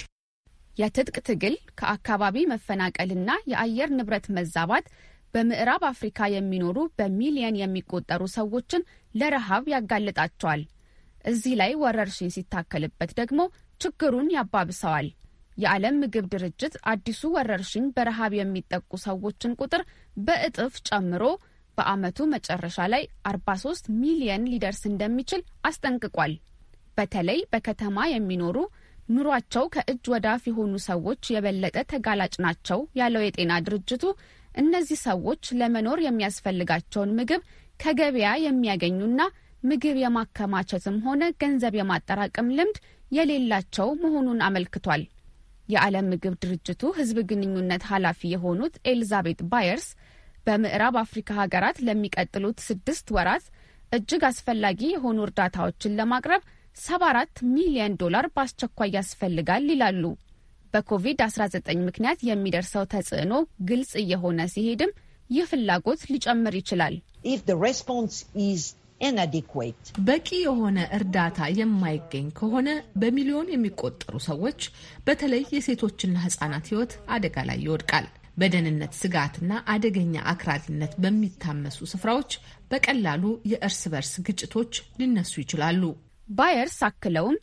የትጥቅ ትግል ከአካባቢ መፈናቀልና የአየር ንብረት መዛባት በምዕራብ አፍሪካ የሚኖሩ በሚሊየን የሚቆጠሩ ሰዎችን ለረሃብ ያጋልጣቸዋል። እዚህ ላይ ወረርሽኝ ሲታከልበት ደግሞ ችግሩን ያባብሰዋል። የዓለም ምግብ ድርጅት አዲሱ ወረርሽኝ በረሃብ የሚጠቁ ሰዎችን ቁጥር በእጥፍ ጨምሮ በዓመቱ መጨረሻ ላይ 43 ሚሊየን ሊደርስ እንደሚችል አስጠንቅቋል። በተለይ በከተማ የሚኖሩ ኑሯቸው ከእጅ ወዳፍ የሆኑ ሰዎች የበለጠ ተጋላጭ ናቸው ያለው የጤና ድርጅቱ እነዚህ ሰዎች ለመኖር የሚያስፈልጋቸውን ምግብ ከገበያ የሚያገኙና ምግብ የማከማቸትም ሆነ ገንዘብ የማጠራቀም ልምድ የሌላቸው መሆኑን አመልክቷል። የዓለም ምግብ ድርጅቱ ሕዝብ ግንኙነት ኃላፊ የሆኑት ኤልዛቤት ባየርስ በምዕራብ አፍሪካ ሀገራት ለሚቀጥሉት ስድስት ወራት እጅግ አስፈላጊ የሆኑ እርዳታዎችን ለማቅረብ 74 ሚሊዮን ዶላር በአስቸኳይ ያስፈልጋል ይላሉ። በኮቪድ-19 ምክንያት የሚደርሰው ተጽዕኖ ግልጽ እየሆነ ሲሄድም ይህ ፍላጎት ሊጨምር ይችላል። በቂ የሆነ እርዳታ የማይገኝ ከሆነ በሚሊዮን የሚቆጠሩ ሰዎች በተለይ የሴቶችና ህጻናት ህይወት አደጋ ላይ ይወድቃል። በደህንነት ስጋትና አደገኛ አክራሪነት በሚታመሱ ስፍራዎች በቀላሉ የእርስ በርስ ግጭቶች ሊነሱ ይችላሉ። ባየርስ አክለውም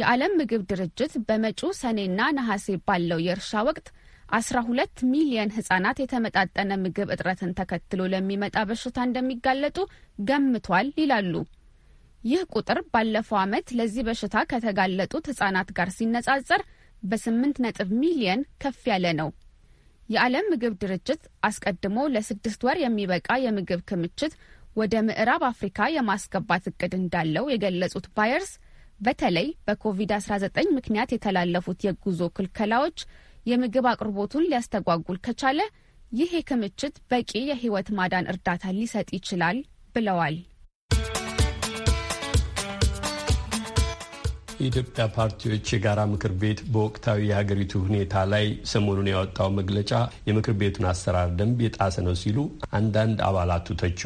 የዓለም ምግብ ድርጅት በመጪው ሰኔና ነሐሴ ባለው የእርሻ ወቅት 12 ሚሊየን ህጻናት የተመጣጠነ ምግብ እጥረትን ተከትሎ ለሚመጣ በሽታ እንደሚጋለጡ ገምቷል ይላሉ። ይህ ቁጥር ባለፈው ዓመት ለዚህ በሽታ ከተጋለጡት ህጻናት ጋር ሲነጻጸር በ8 ነጥብ ሚሊየን ከፍ ያለ ነው። የዓለም ምግብ ድርጅት አስቀድሞ ለስድስት ወር የሚበቃ የምግብ ክምችት ወደ ምዕራብ አፍሪካ የማስገባት እቅድ እንዳለው የገለጹት ባየርስ በተለይ በኮቪድ-19 ምክንያት የተላለፉት የጉዞ ክልከላዎች የምግብ አቅርቦቱን ሊያስተጓጉል ከቻለ ይህ የክምችት በቂ የህይወት ማዳን እርዳታ ሊሰጥ ይችላል ብለዋል። የኢትዮጵያ ፓርቲዎች የጋራ ምክር ቤት በወቅታዊ የሀገሪቱ ሁኔታ ላይ ሰሞኑን ያወጣው መግለጫ የምክር ቤቱን አሰራር ደንብ የጣሰ ነው ሲሉ አንዳንድ አባላቱ ተቹ።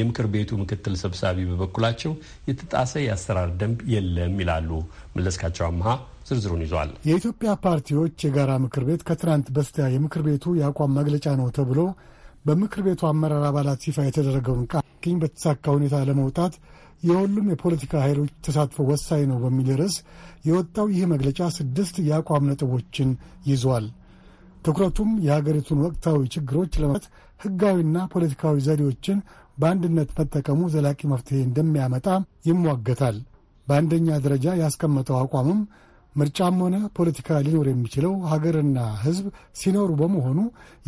የምክር ቤቱ ምክትል ሰብሳቢ በበኩላቸው የተጣሰ የአሰራር ደንብ የለም ይላሉ። መለስካቸው አምሃ ዝርዝሩን ይዟል። የኢትዮጵያ ፓርቲዎች የጋራ ምክር ቤት ከትናንት በስቲያ የምክር ቤቱ የአቋም መግለጫ ነው ተብሎ በምክር ቤቱ አመራር አባላት ይፋ የተደረገውን ቃል በተሳካ ሁኔታ ለመውጣት የሁሉም የፖለቲካ ኃይሎች ተሳትፎ ወሳኝ ነው በሚል ርዕስ የወጣው ይህ መግለጫ ስድስት የአቋም ነጥቦችን ይዟል። ትኩረቱም የሀገሪቱን ወቅታዊ ችግሮች ለመት ህጋዊና ፖለቲካዊ ዘዴዎችን በአንድነት መጠቀሙ ዘላቂ መፍትሄ እንደሚያመጣ ይሟገታል። በአንደኛ ደረጃ ያስቀመጠው አቋምም ምርጫም ሆነ ፖለቲካ ሊኖር የሚችለው ሀገርና ህዝብ ሲኖሩ በመሆኑ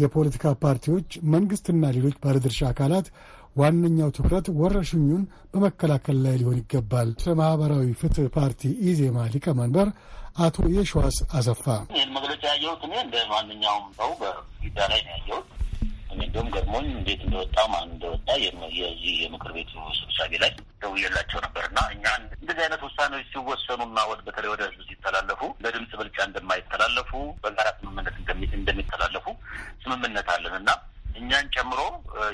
የፖለቲካ ፓርቲዎች፣ መንግሥትና ሌሎች ባለድርሻ አካላት ዋነኛው ትኩረት ወረርሽኙን በመከላከል ላይ ሊሆን ይገባል። ስለ ማህበራዊ ፍትህ ፓርቲ ኢዜማ ሊቀመንበር አቶ የሸዋስ አሰፋ ይህን መግለጫ ያየሁት እኔ እንደ ማንኛውም ሰው በሚዲያ ላይ ነው ያየሁት። እኔ እንዲሁም ገድሞኝ እንዴት እንደወጣ ማን እንደወጣ የዚህ የምክር ቤቱ ስብሳቤ ላይ ደውዬላቸው ነበርና እኛ እንደዚህ አይነት ውሳኔዎች ሲወሰኑና ወደ በተለይ ወደ ህዝብ ሲተላለፉ በድምፅ ብልጫ እንደማይተላለፉ በጋራ ስምምነት እንደሚተላለፉ ስምምነት አለን እና እኛን ጨምሮ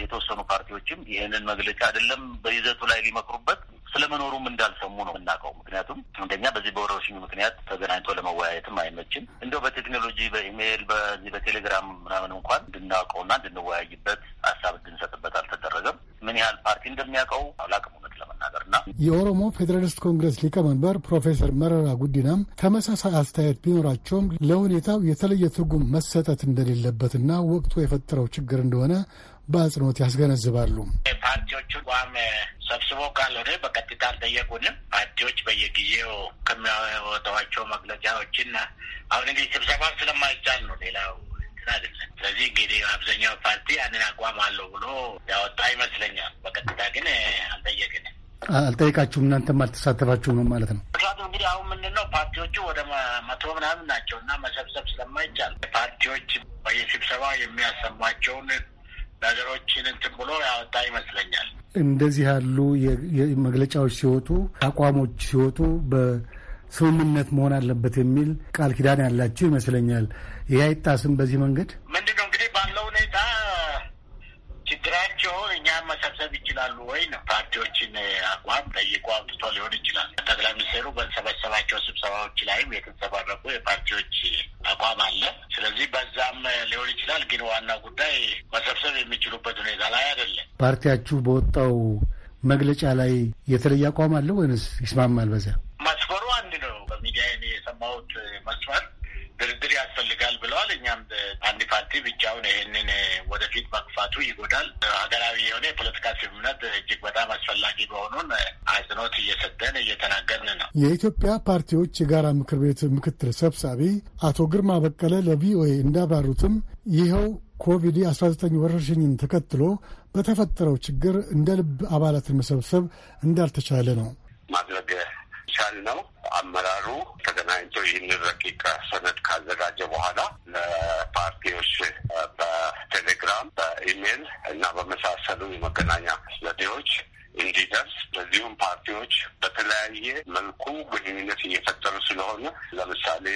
የተወሰኑ ፓርቲዎችም ይህንን መግለጫ አይደለም በይዘቱ ላይ ሊመክሩበት ስለመኖሩም እንዳልሰሙ ነው የምናውቀው። ምክንያቱም አንደኛ በዚህ በወረርሽኙ ምክንያት ተገናኝቶ ለመወያየትም አይመችም። እንደው በቴክኖሎጂ በኢሜይል በዚህ በቴሌግራም ምናምን እንኳን እንድናውቀውና እንድንወያይበት ሀሳብ እንድንሰጥበት አልተደረገም። ምን ያህል ፓርቲ እንደሚያውቀው አላውቅም። ለመናገርና የኦሮሞ ፌዴራሊስት ኮንግረስ ሊቀመንበር ፕሮፌሰር መረራ ጉዲናም ተመሳሳይ አስተያየት ቢኖራቸውም ለሁኔታው የተለየ ትርጉም መሰጠት እንደሌለበትና ወቅቱ የፈጠረው ችግር እንደሆነ በአጽንኦት ያስገነዝባሉ። ፓርቲዎቹ ቋም ሰብስቦ ካልሆነ በቀጥታ አልጠየቁንም። ፓርቲዎች በየጊዜው ከሚያወጣቸው መግለጫዎችና አሁን እንግዲህ ስብሰባ ስለማይቻል ነው ሌላው አይደለም። ስለዚህ እንግዲህ አብዛኛው ፓርቲ ያንን አቋም አለው ብሎ ያወጣ ይመስለኛል። በቀጥታ ግን አልጠየቅንም። አልጠይቃችሁም፣ እናንተም አልተሳተፋችሁም ነው ማለት ነው። ምክንያቱ እንግዲህ አሁን ምንድነው ፓርቲዎቹ ወደ መቶ ምናምን ናቸው እና መሰብሰብ ስለማይቻል ፓርቲዎች በየስብሰባ የሚያሰሟቸውን ነገሮችን እንትን ብሎ ያወጣ ይመስለኛል። እንደዚህ ያሉ መግለጫዎች ሲወጡ፣ አቋሞች ሲወጡ በስምምነት መሆን አለበት የሚል ቃል ኪዳን ያላቸው ይመስለኛል። ይህ አይጣስም በዚህ መንገድ ምንድነው እንግዲህ ባለው ሁኔታ ችግራቸው እኛም መሰብሰብ ይችላሉ ወይ ነው። ፓርቲዎችን አቋም ጠይቆ አውጥቶ ሊሆን ይችላል። ጠቅላይ ሚኒስትሩ በሰበሰባቸው ስብሰባዎች ላይም የተንጸባረቁ የፓርቲዎች አቋም አለ። ስለዚህ በዛም ሊሆን ይችላል። ግን ዋና ጉዳይ መሰብሰብ የሚችሉበት ሁኔታ ላይ አይደለም። ፓርቲያችሁ በወጣው መግለጫ ላይ የተለየ አቋም አለ ወይንስ ይስማማል? በዚያ መስፈሩ አንድ ነው። በሚዲያ የሰማሁት መስፈር ድርድር ያስፈልጋል ብለዋል። እኛም አንድ ፓርቲ ብቻውን ይህንን ወደፊት መግፋቱ ይጎዳል። ሀገራዊ የሆነ የፖለቲካ ስምምነት እጅግ በጣም አስፈላጊ መሆኑን አጽንኦት እየሰጠን እየተናገርን ነው። የኢትዮጵያ ፓርቲዎች የጋራ ምክር ቤት ምክትል ሰብሳቢ አቶ ግርማ በቀለ ለቪኦኤ እንዳብራሩትም ይኸው ኮቪድ-19 ወረርሽኝን ተከትሎ በተፈጠረው ችግር እንደ ልብ አባላትን መሰብሰብ እንዳልተቻለ ነው ነው። አመራሩ ተገናኝቶ ይህን ረቂቅ ሰነድ ካዘጋጀ በኋላ ለፓርቲዎች በቴሌግራም፣ በኢሜይል እና በመሳሰሉ የመገናኛ ዘዴዎች እንዲደርስ በዚሁም ፓርቲዎች በተለያየ መልኩ ግንኙነት እየፈጠሩ ስለሆነ ለምሳሌ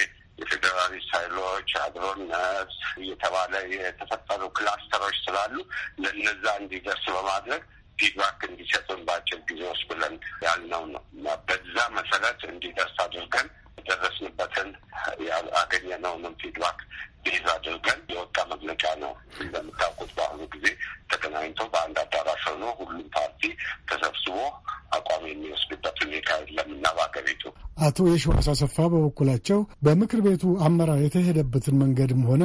የፌዴራሊስት ኃይሎች አድሮነት እየተባለ የተፈጠሩ ክላስተሮች ስላሉ ለነዛ እንዲደርስ በማድረግ ፊድባክ እንዲሰጡን በአጭር ጊዜ ውስጥ ብለን ያልነው ነው በዛ መሰረት እንዲደርስ አድርገን የደረስንበትን ያገኘነውንም ፊድባክ ቤዝ አድርገን የወጣ መግለጫ ነው። እንደምታውቁት በአሁኑ ጊዜ ተገናኝቶ በአንድ አዳራሽ ሆኖ ሁሉም ፓርቲ ተሰብስቦ አቋም የሚወስድበት ሁኔታ የለም እና በሀገሪቱ አቶ የሺዋስ አሰፋ በበኩላቸው በምክር ቤቱ አመራር የተሄደበትን መንገድም ሆነ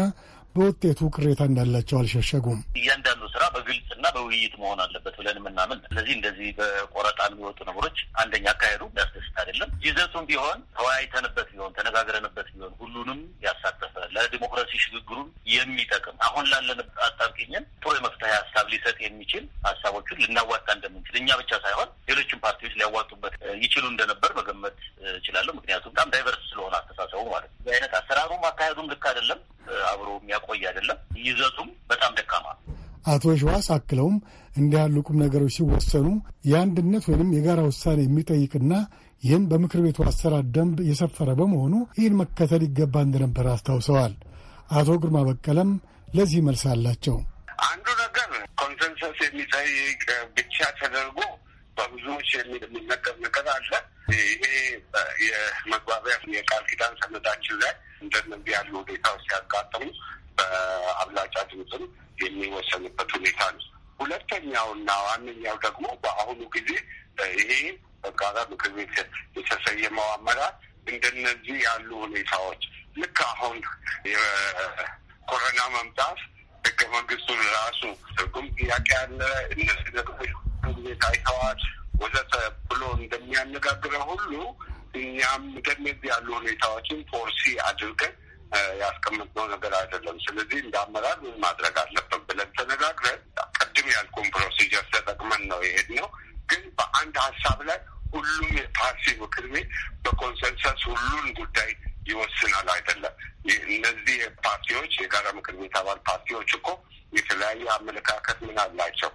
በውጤቱ ቅሬታ እንዳላቸው አልሸሸጉም። እያንዳንዱ ስራ በግልጽና በውይይት መሆን አለበት ብለን የምናምን ስለዚህ እንደዚህ በቆረጣ የሚወጡ ነገሮች አንደኛ አካሄዱ የሚያስደስት አይደለም። ይዘቱም ቢሆን ተወያይተንበት ቢሆን ተነጋግረንበት ቢሆን ሁሉንም ያሳተፈ ለዲሞክራሲ ሽግግሩን የሚጠቅም አሁን ላለን አጣብቂኝን ጥሩ የመፍትሄ ሀሳብ ሊሰጥ የሚችል ሀሳቦቹን ልናዋጣ እንደምንችል እኛ ብቻ ሳይሆን ሌሎችም ፓርቲዎች ሊያዋጡበት ይችሉ እንደነበር መገመት እችላለሁ። ምክንያቱም በጣም ዳይቨርስ ስለሆነ አስተሳሰቡ ማለት ነው። በአይነት አሰራሩም አካሄዱም ልክ አይደለም። አብሮ የሚያ የሚያቆይ አይደለም። ይዘቱም በጣም ደካማ ነው። አቶ የሸዋስ አክለውም እንዲህ ያሉ ቁም ነገሮች ሲወሰኑ የአንድነት ወይም የጋራ ውሳኔ የሚጠይቅና ይህም በምክር ቤቱ አሰራር ደንብ የሰፈረ በመሆኑ ይህን መከተል ይገባ እንደነበር አስታውሰዋል። አቶ ግርማ በቀለም ለዚህ መልስ አላቸው። አንዱ ነገር ኮንሰንሰስ የሚጠይቅ ብቻ ተደርጎ በብዙዎች የሚነገር ነገር አለ። ይሄ የመግባቢያ የቃል ኪዳን ሰነዳችን ላይ እንደነዚህ ያሉ ሁኔታዎች ሲያጋጥሙ አብላጫ ድምፅም የሚወሰንበት ሁኔታ ነው። ሁለተኛውና ዋነኛው ደግሞ በአሁኑ ጊዜ ይሄ በጋራ ምክር ቤት የተሰየመው አመራር እንደነዚህ ያሉ ሁኔታዎች ልክ አሁን የኮሮና መምጣት ህገ መንግስቱን ራሱ ትርጉም ጥያቄ አለ። እነዚህ ነገሮች ጊዜ ታይተዋል ወዘተ ብሎ እንደሚያነጋግረ ሁሉ እኛም እንደነዚህ ያሉ ሁኔታዎችን ፎርሲ አድርገን ያስቀመጥነው ነገር አይደለም። ስለዚህ እንደ አመራር ምን ማድረግ አለብን ብለን ተነጋግረን ቅድም ያልኩን ፕሮሲጀር ተጠቅመን ነው የሄድነው። ግን በአንድ ሀሳብ ላይ ሁሉም የፓርቲ ምክር ቤት በኮንሰንሰስ ሁሉን ጉዳይ ይወስናል አይደለም። እነዚህ ፓርቲዎች የጋራ ምክር ቤት አባል ፓርቲዎች እኮ የተለያየ አመለካከት ምን አላቸው።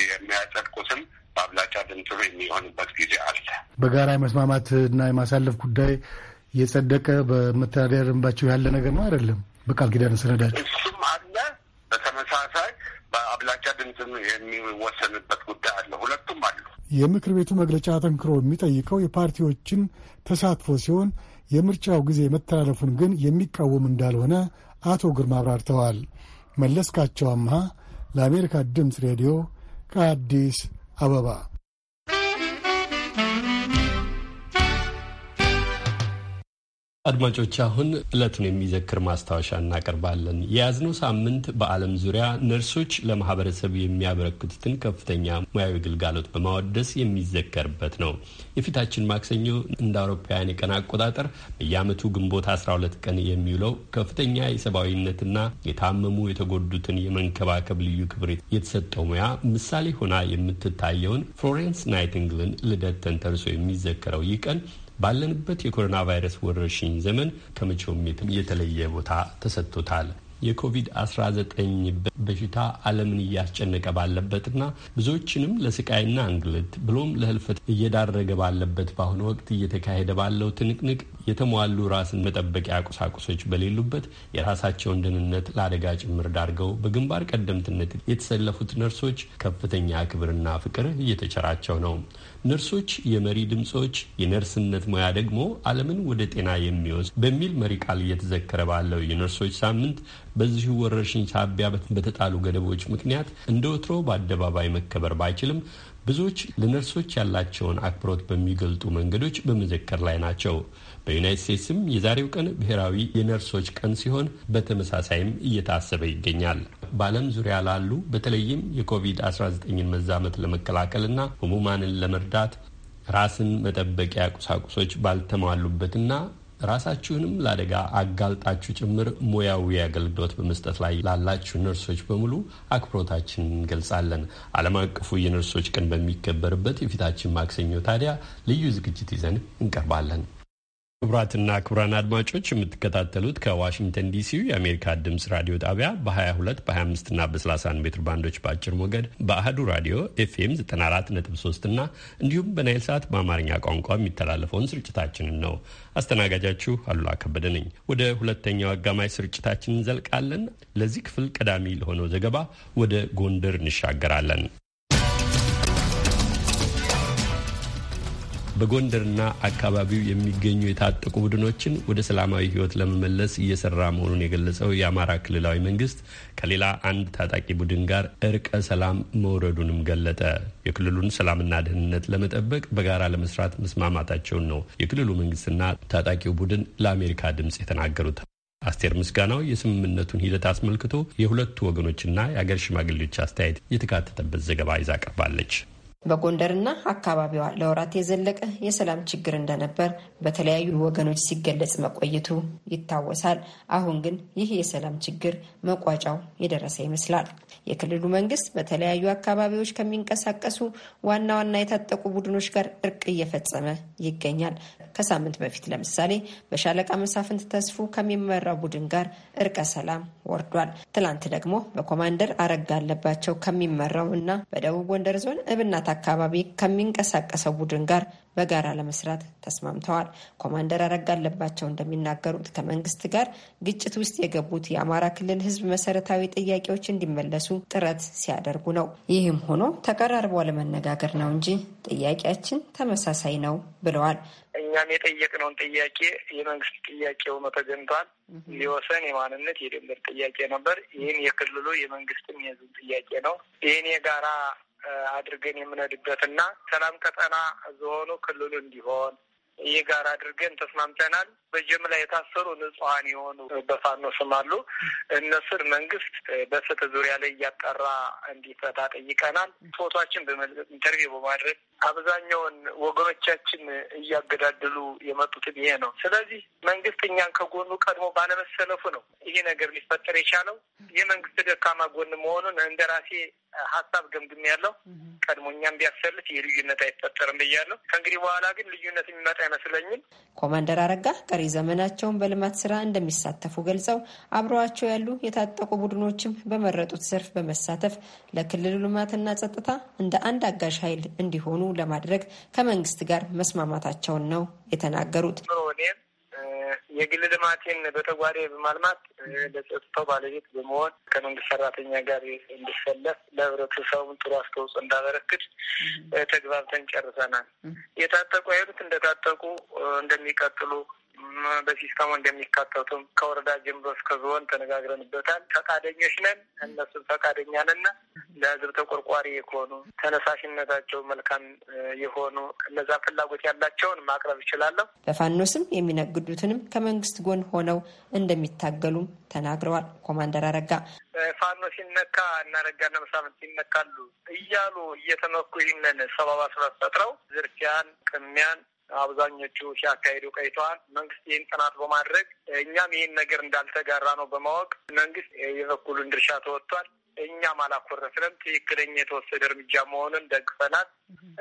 የሚያጸድቁትም በአብላጫ ድምፅ የሚሆንበት ጊዜ አለ። በጋራ የመስማማት እና የማሳለፍ ጉዳይ የጸደቀ በመተዳደርባቸው ያለ ነገር ነው አይደለም። በቃል ኪዳን ሰነዳችሁ እሱም አለ። በተመሳሳይ በአብላጫ ድምፅ የሚወሰንበት ጉዳይ አለ። ሁለቱም አሉ። የምክር ቤቱ መግለጫ አጠንክሮ የሚጠይቀው የፓርቲዎችን ተሳትፎ ሲሆን የምርጫው ጊዜ መተላለፉን ግን የሚቃወም እንዳልሆነ አቶ ግርማ አብራርተዋል። መለስካቸው አምሃ ለአሜሪካ ድምፅ ሬዲዮ ከአዲስ አበባ አድማጮች አሁን ዕለቱን የሚዘክር ማስታወሻ እናቀርባለን። የያዝነው ሳምንት በዓለም ዙሪያ ነርሶች ለማህበረሰብ የሚያበረክቱትን ከፍተኛ ሙያዊ ግልጋሎት በማወደስ የሚዘከርበት ነው። የፊታችን ማክሰኞ እንደ አውሮፓውያን የቀን አቆጣጠር በየዓመቱ ግንቦት 12 ቀን የሚውለው ከፍተኛ የሰብአዊነትና የታመሙ የተጎዱትን የመንከባከብ ልዩ ክብር የተሰጠው ሙያ ምሳሌ ሆና የምትታየውን ፍሎሬንስ ናይትንግልን ልደት ተንተርሶ የሚዘከረው ይህ ቀን ባለንበት የኮሮና ቫይረስ ወረርሽኝ ዘመን ከመቼውም የተለየ ቦታ ተሰጥቶታል። የኮቪድ-19 በሽታ ዓለምን እያስጨነቀ ባለበትና ብዙዎችንም ለስቃይና እንግልት ብሎም ለህልፈት እየዳረገ ባለበት በአሁኑ ወቅት እየተካሄደ ባለው ትንቅንቅ የተሟሉ ራስን መጠበቂያ ቁሳቁሶች በሌሉበት የራሳቸውን ደህንነት ለአደጋ ጭምር ዳርገው በግንባር ቀደምትነት የተሰለፉት ነርሶች ከፍተኛ ክብርና ፍቅር እየተቸራቸው ነው። ነርሶች የመሪ ድምፆች፣ የነርስነት ሙያ ደግሞ ዓለምን ወደ ጤና የሚወስድ በሚል መሪ ቃል እየተዘከረ ባለው የነርሶች ሳምንት በዚሁ ወረርሽኝ ሳቢያ በተጣሉ ገደቦች ምክንያት እንደ ወትሮ በአደባባይ መከበር ባይችልም ብዙዎች ለነርሶች ያላቸውን አክብሮት በሚገልጡ መንገዶች በመዘከር ላይ ናቸው። በዩናይት ስቴትስም የዛሬው ቀን ብሔራዊ የነርሶች ቀን ሲሆን በተመሳሳይም እየታሰበ ይገኛል። በዓለም ዙሪያ ላሉ በተለይም የኮቪድ-19ን መዛመት ለመከላከልና ህሙማንን ለመርዳት ራስን መጠበቂያ ቁሳቁሶች ባልተሟሉበትና ራሳችሁንም ለአደጋ አጋልጣችሁ ጭምር ሙያዊ አገልግሎት በመስጠት ላይ ላላችሁ ነርሶች በሙሉ አክብሮታችንን እንገልጻለን። ዓለም አቀፉ የነርሶች ቀን በሚከበርበት የፊታችን ማክሰኞ ታዲያ ልዩ ዝግጅት ይዘን እንቀርባለን። ክቡራትና ክቡራን አድማጮች የምትከታተሉት ከዋሽንግተን ዲሲ የአሜሪካ ድምጽ ራዲዮ ጣቢያ በ22 በ25 እና በ31 ሜትር ባንዶች በአጭር ሞገድ በአህዱ ራዲዮ ኤፍኤም 94.3 እና እንዲሁም በናይል ሰዓት በአማርኛ ቋንቋ የሚተላለፈውን ስርጭታችንን ነው። አስተናጋጃችሁ አሉላ ከበደ ነኝ። ወደ ሁለተኛው አጋማሽ ስርጭታችን እንዘልቃለን። ለዚህ ክፍል ቀዳሚ ለሆነው ዘገባ ወደ ጎንደር እንሻገራለን። በጎንደርና አካባቢው የሚገኙ የታጠቁ ቡድኖችን ወደ ሰላማዊ ህይወት ለመመለስ እየሰራ መሆኑን የገለጸው የአማራ ክልላዊ መንግስት ከሌላ አንድ ታጣቂ ቡድን ጋር እርቀ ሰላም መውረዱንም ገለጠ። የክልሉን ሰላምና ደህንነት ለመጠበቅ በጋራ ለመስራት መስማማታቸውን ነው የክልሉ መንግስትና ታጣቂው ቡድን ለአሜሪካ ድምፅ የተናገሩት። አስቴር ምስጋናው የስምምነቱን ሂደት አስመልክቶ የሁለቱ ወገኖችና የአገር ሽማግሌዎች አስተያየት የተካተተበት ዘገባ ይዛ ቀርባለች። በጎንደርና አካባቢዋ ለወራት የዘለቀ የሰላም ችግር እንደነበር በተለያዩ ወገኖች ሲገለጽ መቆየቱ ይታወሳል። አሁን ግን ይህ የሰላም ችግር መቋጫው የደረሰ ይመስላል። የክልሉ መንግስት በተለያዩ አካባቢዎች ከሚንቀሳቀሱ ዋና ዋና የታጠቁ ቡድኖች ጋር እርቅ እየፈጸመ ይገኛል። ከሳምንት በፊት ለምሳሌ በሻለቃ መሳፍንት ተስፉ ከሚመራው ቡድን ጋር እርቀ ሰላም ወርዷል። ትላንት ደግሞ በኮማንደር አረጋ አለባቸው ከሚመራው እና በደቡብ ጎንደር ዞን እብናት አካባቢ ከሚንቀሳቀሰው ቡድን ጋር በጋራ ለመስራት ተስማምተዋል። ኮማንደር አረጋ አለባቸው እንደሚናገሩት ከመንግስት ጋር ግጭት ውስጥ የገቡት የአማራ ክልል ህዝብ መሰረታዊ ጥያቄዎች እንዲመለሱ ጥረት ሲያደርጉ ነው። ይህም ሆኖ ተቀራርቦ ለመነጋገር ነው እንጂ ጥያቄያችን ተመሳሳይ ነው ብለዋል። እኛም የጠየቅነውን ጥያቄ የመንግስት ጥያቄ ሆኖ ተገኝቷል። የማንነት የድንበር ጥያቄ ነበር። ይህን የክልሉ የመንግስትም የሕዝብ ጥያቄ ነው። ይህን የጋራ አድርገን የምንሄድበት እና ሰላም ቀጠና ዞኑ ክልሉ እንዲሆን ይህ ጋር አድርገን ተስማምተናል። በጀምላ የታሰሩ ንጹሀን የሆኑ በፋኖ ስም አሉ። እነሱን መንግስት በፍትህ ዙሪያ ላይ እያጣራ እንዲፈታ ጠይቀናል። ፎቶችን ኢንተርቪው በማድረግ አብዛኛውን ወገኖቻችን እያገዳደሉ የመጡትን ይሄ ነው። ስለዚህ መንግስት እኛን ከጎኑ ቀድሞ ባለመሰለፉ ነው ይሄ ነገር ሊፈጠር የቻለው። የመንግስት ደካማ ጎን መሆኑን እንደ ራሴ ሀሳብ ገምግም ያለው ቀድሞ እኛም ቢያሰልፍ ይህ ልዩነት አይፈጠርም ብያለሁ። ከእንግዲህ በኋላ ግን ልዩነት የሚመጣ አይመስለኝም። ኮማንደር አረጋ ቀሪ ቀሪ ዘመናቸውን በልማት ስራ እንደሚሳተፉ ገልጸው አብረዋቸው ያሉ የታጠቁ ቡድኖችም በመረጡት ዘርፍ በመሳተፍ ለክልሉ ልማትና ጸጥታ እንደ አንድ አጋዥ ኃይል እንዲሆኑ ለማድረግ ከመንግስት ጋር መስማማታቸውን ነው የተናገሩት። የግል ልማቴን በተጓዳኝ በማልማት ለጸጥታው ባለቤት በመሆን ከመንግስት ሰራተኛ ጋር እንድሰለፍ ለህብረተሰቡም ጥሩ አስተዋጽኦ እንዳበረክት ተግባብተን ጨርሰናል። የታጠቁ ኃይሉት እንደታጠቁ እንደሚቀጥሉ በሲስተሙ እንደሚካተቱም ከወረዳ ጀምሮ እስከ ዞን ተነጋግረንበታል። ፈቃደኞች ነን፣ እነሱም ፈቃደኛ ነና ለህዝብ ተቆርቋሪ የሆኑ ተነሳሽነታቸው መልካም የሆኑ እነዛ ፍላጎት ያላቸውን ማቅረብ ይችላለሁ። በፋኖ ስም የሚነግዱትንም ከመንግስት ጎን ሆነው እንደሚታገሉም ተናግረዋል። ኮማንደር አረጋ ፋኖ ሲነካ እናረጋና መሳፍንት ይነካሉ እያሉ እየተመኩ ይህንን ሰባባ ስበት ፈጥረው ዝርፊያን፣ ቅሚያን አብዛኞቹ ሲያካሄዱ ቆይተዋል። መንግስት ይህን ጥናት በማድረግ እኛም ይህን ነገር እንዳልተጋራ ነው በማወቅ መንግስት የበኩሉን ድርሻ ተወጥቷል። እኛም አላኮረፍንም። ትክክለኛ የተወሰደ እርምጃ መሆኑን ደግፈናል።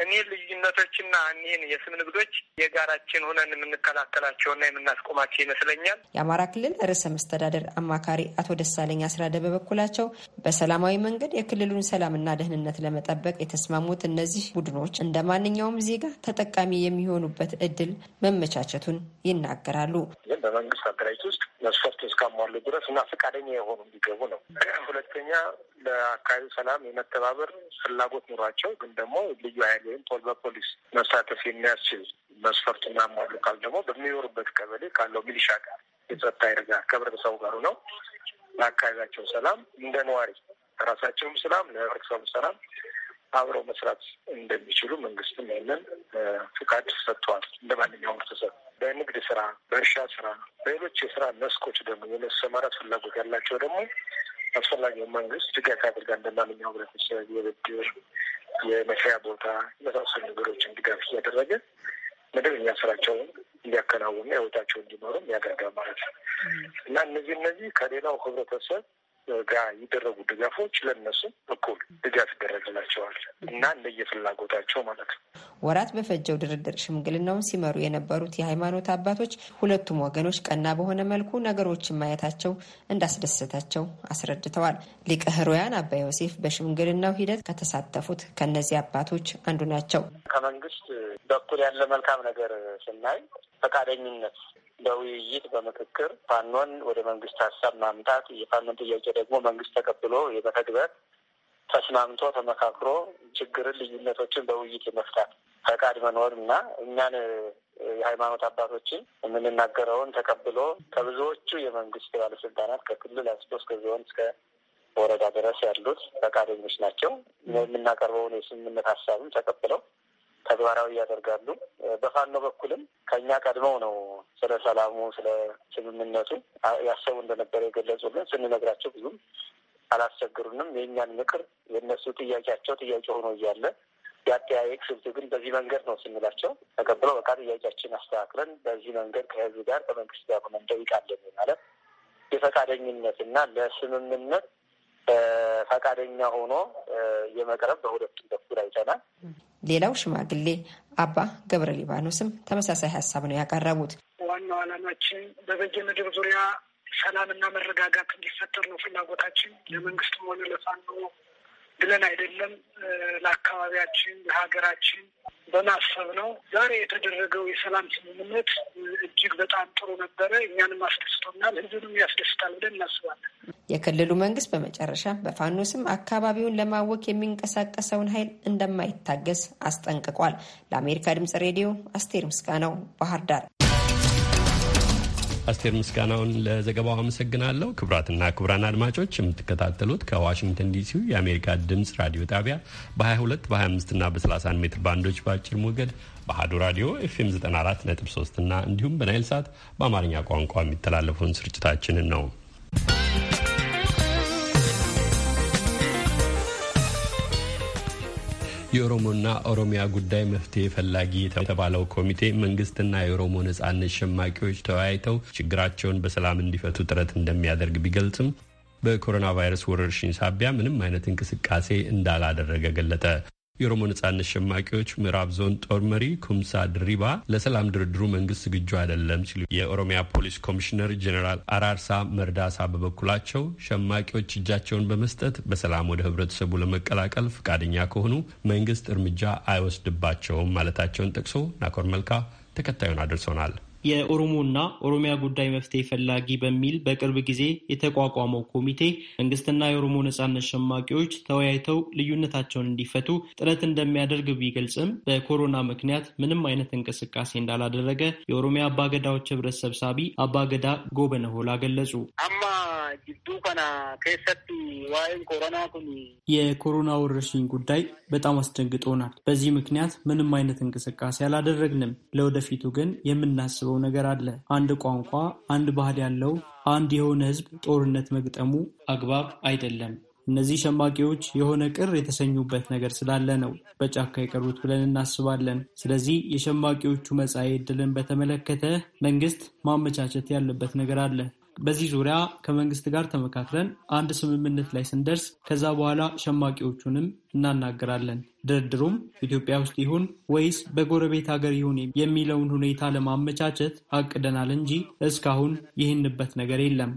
እኔ ልዩነቶችና እኒህን የስም ንግዶች የጋራችን ሆነን የምንከላከላቸውና የምናስቆማቸው ይመስለኛል። የአማራ ክልል ርዕሰ መስተዳደር አማካሪ አቶ ደሳለኝ አስራደ በበኩላቸው በሰላማዊ መንገድ የክልሉን ሰላምና ደህንነት ለመጠበቅ የተስማሙት እነዚህ ቡድኖች እንደ ማንኛውም ዜጋ ተጠቃሚ የሚሆኑበት እድል መመቻቸቱን ይናገራሉ። ግን በመንግስት አገራዊት ውስጥ መስፈርት እስካሟሉ ድረስ እና ፈቃደኛ የሆኑ እንዲገቡ ነው። ሁለተኛ ለአካባቢው ሰላም የመተባበር ፍላጎት ኑሯቸው ግን ደግሞ ልዩ ኃይል ወይም ፖል በፖሊስ መሳተፍ የሚያስችል መስፈርት ያሟሉ ካል ደግሞ በሚኖሩበት ቀበሌ ካለው ሚሊሻ ጋር የጸጥታ ኃይል ጋር ከህብረተሰቡ ጋር ነው ለአካባቢያቸው ሰላም እንደ ነዋሪ ለራሳቸውም ሰላም ለህብረተሰቡ ሰላም አብረው መስራት እንደሚችሉ መንግስትም ያለን ፍቃድ ሰጥተዋል። እንደ ማንኛውም ህብረተሰብ በንግድ ስራ፣ በእርሻ ስራ፣ በሌሎች የስራ መስኮች ደግሞ የመሰማራት ፍላጎት ያላቸው ደግሞ አስፈላጊውን መንግስት ድጋፍ አድርጋ እንደማንኛው ህብረተሰብ የብድር የመስሪያ ቦታ የመሳሰሉ ነገሮችን ድጋፍ እያደረገ መደበኛ ስራቸውን እንዲያከናውኑ ህይወታቸው እንዲኖሩ የሚያደርጋ ማለት ነው እና እነዚህ እነዚህ ከሌላው ህብረተሰብ ጋር የደረጉ ድጋፎች ለነሱ እኩል ድጋፍ ይደረግላቸዋል እና እንደየፍላጎታቸው ማለት ነው። ወራት በፈጀው ድርድር ሽምግልናውን ሲመሩ የነበሩት የሃይማኖት አባቶች ሁለቱም ወገኖች ቀና በሆነ መልኩ ነገሮችን ማየታቸው እንዳስደሰታቸው አስረድተዋል። ሊቀ ሕሩያን አባ ዮሴፍ በሽምግልናው ሂደት ከተሳተፉት ከእነዚህ አባቶች አንዱ ናቸው። ከመንግስት በኩል ያለ መልካም ነገር ስናይ ፈቃደኝነት በውይይት በምክክር ፋኖን ወደ መንግስት ሀሳብ ማምጣት የፋኖን ጥያቄ ደግሞ መንግስት ተቀብሎ የመተግበር ተስማምቶ ተመካክሮ ችግርን ልዩነቶችን በውይይት የመፍታት ፈቃድ መኖር እና እኛን የሃይማኖት አባቶችን የምንናገረውን ተቀብሎ ከብዙዎቹ የመንግስት ባለስልጣናት ከክልል አንስቶ እስከ ዞን እስከ ወረዳ ድረስ ያሉት ፈቃደኞች ናቸው። የምናቀርበውን የስምምነት ሀሳብም ተቀብለው ተግባራዊ ያደርጋሉ። በፋኖ በኩልም ከእኛ ቀድመው ነው ስለ ሰላሙ፣ ስለ ስምምነቱ ያሰቡ እንደነበረ የገለጹልን። ስንነግራቸው ብዙም አላስቸግሩንም። የእኛን ምክር የእነሱ ጥያቄያቸው ጥያቄ ሆኖ እያለ የአጠያየቅ ስልቱ ግን በዚህ መንገድ ነው ስንላቸው ተቀብለው በቃ ጥያቄያችን አስተካክለን በዚህ መንገድ ከህዝብ ጋር ከመንግስት ጋር ሆነ እንጠይቃለን ማለት የፈቃደኝነትና ለስምምነት ፈቃደኛ ሆኖ የመቅረብ በሁለቱም በኩል አይተናል። ሌላው ሽማግሌ አባ ገብረ ሊባኖስም ተመሳሳይ ሀሳብ ነው ያቀረቡት። ዋናው ዓላማችን በበየምድብ ዙሪያ ሰላምና መረጋጋት እንዲፈጠር ነው ፍላጎታችን። ለመንግስትም ሆነ ለፋኖ ብለን አይደለም ለአካባቢያችን ለሀገራችን በማሰብ ነው። ዛሬ የተደረገው የሰላም ስምምነት እጅግ በጣም ጥሩ ነበረ። እኛንም አስደስቶናል፣ ህዝብንም ያስደስታል ብለን እናስባለን። የክልሉ መንግስት በመጨረሻ በፋኖ ስም አካባቢውን ለማወክ የሚንቀሳቀሰውን ኃይል እንደማይታገስ አስጠንቅቋል። ለአሜሪካ ድምጽ ሬዲዮ አስቴር ምስጋናው ባህር ዳር። አስቴር ምስጋናውን ለዘገባው አመሰግናለሁ። ክቡራትና ክቡራን አድማጮች የምትከታተሉት ከዋሽንግተን ዲሲው የአሜሪካ ድምፅ ራዲዮ ጣቢያ በ22 25 እና በ31 ሜትር ባንዶች በአጭር ሞገድ በአሀዱ ራዲዮ ኤፍኤም 94.3 እና እንዲሁም በናይል ሰዓት በአማርኛ ቋንቋ የሚተላለፈውን ስርጭታችንን ነው። የኦሮሞና ኦሮሚያ ጉዳይ መፍትሄ ፈላጊ የተባለው ኮሚቴ መንግስትና የኦሮሞ ነጻነት ሸማቂዎች ተወያይተው ችግራቸውን በሰላም እንዲፈቱ ጥረት እንደሚያደርግ ቢገልጽም በኮሮና ቫይረስ ወረርሽኝ ሳቢያ ምንም አይነት እንቅስቃሴ እንዳላደረገ ገለጠ። የኦሮሞ ነጻነት ሸማቂዎች ምዕራብ ዞን ጦር መሪ ኩምሳ ድሪባ ለሰላም ድርድሩ መንግስት ዝግጁ አይደለም ሲሉ የኦሮሚያ ፖሊስ ኮሚሽነር ጀኔራል አራርሳ መርዳሳ በበኩላቸው ሸማቂዎች እጃቸውን በመስጠት በሰላም ወደ ህብረተሰቡ ለመቀላቀል ፈቃደኛ ከሆኑ መንግስት እርምጃ አይወስድባቸውም ማለታቸውን ጠቅሶ ናኮር መልካ ተከታዩን አድርሶናል። የኦሮሞና ኦሮሚያ ጉዳይ መፍትሄ ፈላጊ በሚል በቅርብ ጊዜ የተቋቋመው ኮሚቴ መንግስትና የኦሮሞ ነጻነት ሸማቂዎች ተወያይተው ልዩነታቸውን እንዲፈቱ ጥረት እንደሚያደርግ ቢገልጽም በኮሮና ምክንያት ምንም አይነት እንቅስቃሴ እንዳላደረገ የኦሮሚያ አባገዳዎች ህብረት ሰብሳቢ አባገዳ ጎበነ ሆላ አማ jidduu kana keessatti waa'een ኮሮና kun የኮሮና ወረርሽኝ ጉዳይ በጣም አስደንግጦናል። በዚህ ምክንያት ምንም አይነት እንቅስቃሴ አላደረግንም። ለወደፊቱ ግን የምናስበው ነገር አለ። አንድ ቋንቋ፣ አንድ ባህል ያለው አንድ የሆነ ህዝብ ጦርነት መግጠሙ አግባብ አይደለም። እነዚህ ሸማቂዎች የሆነ ቅር የተሰኙበት ነገር ስላለ ነው በጫካ የቀሩት ብለን እናስባለን። ስለዚህ የሸማቂዎቹ መጻኤ ዕድልን በተመለከተ መንግስት ማመቻቸት ያለበት ነገር አለ። በዚህ ዙሪያ ከመንግስት ጋር ተመካክረን አንድ ስምምነት ላይ ስንደርስ ከዛ በኋላ ሸማቂዎቹንም እናናገራለን። ድርድሩም ኢትዮጵያ ውስጥ ይሁን ወይስ በጎረቤት ሀገር ይሁን የሚለውን ሁኔታ ለማመቻቸት አቅደናል እንጂ እስካሁን ይህንበት ነገር የለም።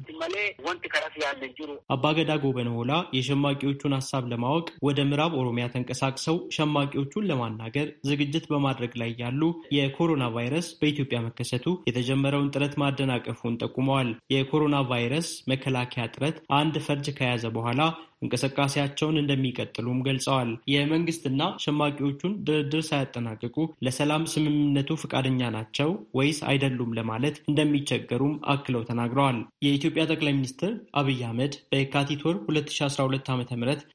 አባገዳ ጎበነ ሆላ የሸማቂዎቹን ሀሳብ ለማወቅ ወደ ምዕራብ ኦሮሚያ ተንቀሳቅሰው ሸማቂዎቹን ለማናገር ዝግጅት በማድረግ ላይ ያሉ የኮሮና ቫይረስ በኢትዮጵያ መከሰቱ የተጀመረውን ጥረት ማደናቀፉን ጠቁመዋል። የኮሮና ቫይረስ መከላከያ ጥረት አንድ ፈርጅ ከያዘ በኋላ እንቅስቃሴያቸውን እንደሚቀጥሉም ገልጸዋል። የመንግስትና ሸማቂዎቹን ድርድር ሳያጠናቅቁ ለሰላም ስምምነቱ ፈቃደኛ ናቸው ወይስ አይደሉም ለማለት እንደሚቸገሩም አክለው ተናግረዋል። የኢትዮጵያ ጠቅላይ ሚኒስትር አብይ አህመድ በየካቲት ወር 2012 ዓ ም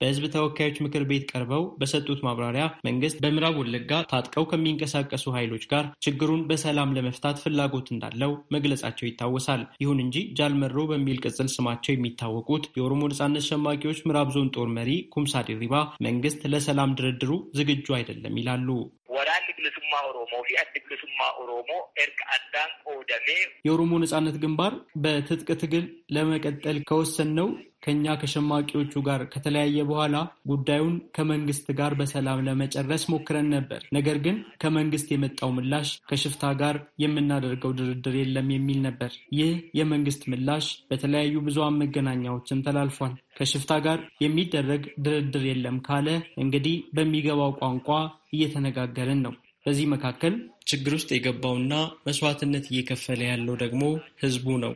በህዝብ ተወካዮች ምክር ቤት ቀርበው በሰጡት ማብራሪያ መንግስት በምዕራብ ወለጋ ታጥቀው ከሚንቀሳቀሱ ኃይሎች ጋር ችግሩን በሰላም ለመፍታት ፍላጎት እንዳለው መግለጻቸው ይታወሳል። ይሁን እንጂ ጃልመሮ በሚል ቅጽል ስማቸው የሚታወቁት የኦሮሞ ነጻነት ሸማቂዎች የምዕራብ ዞን ጦር መሪ ኩምሳ ዲሪባ መንግስት ለሰላም ድርድሩ ዝግጁ አይደለም ይላሉ። ወራን ድግልሱማ ኦሮሞ ፊ አድግልሱማ ኦሮሞ እርቅ አዳን ቆደሜ የኦሮሞ ነጻነት ግንባር በትጥቅ ትግል ለመቀጠል ከወሰን ነው ከእኛ ከሸማቂዎቹ ጋር ከተለያየ በኋላ ጉዳዩን ከመንግስት ጋር በሰላም ለመጨረስ ሞክረን ነበር። ነገር ግን ከመንግስት የመጣው ምላሽ ከሽፍታ ጋር የምናደርገው ድርድር የለም የሚል ነበር። ይህ የመንግስት ምላሽ በተለያዩ ብዙሃን መገናኛዎችም ተላልፏል። ከሽፍታ ጋር የሚደረግ ድርድር የለም ካለ እንግዲህ በሚገባው ቋንቋ እየተነጋገርን ነው። በዚህ መካከል ችግር ውስጥ የገባውና መስዋዕትነት እየከፈለ ያለው ደግሞ ህዝቡ ነው።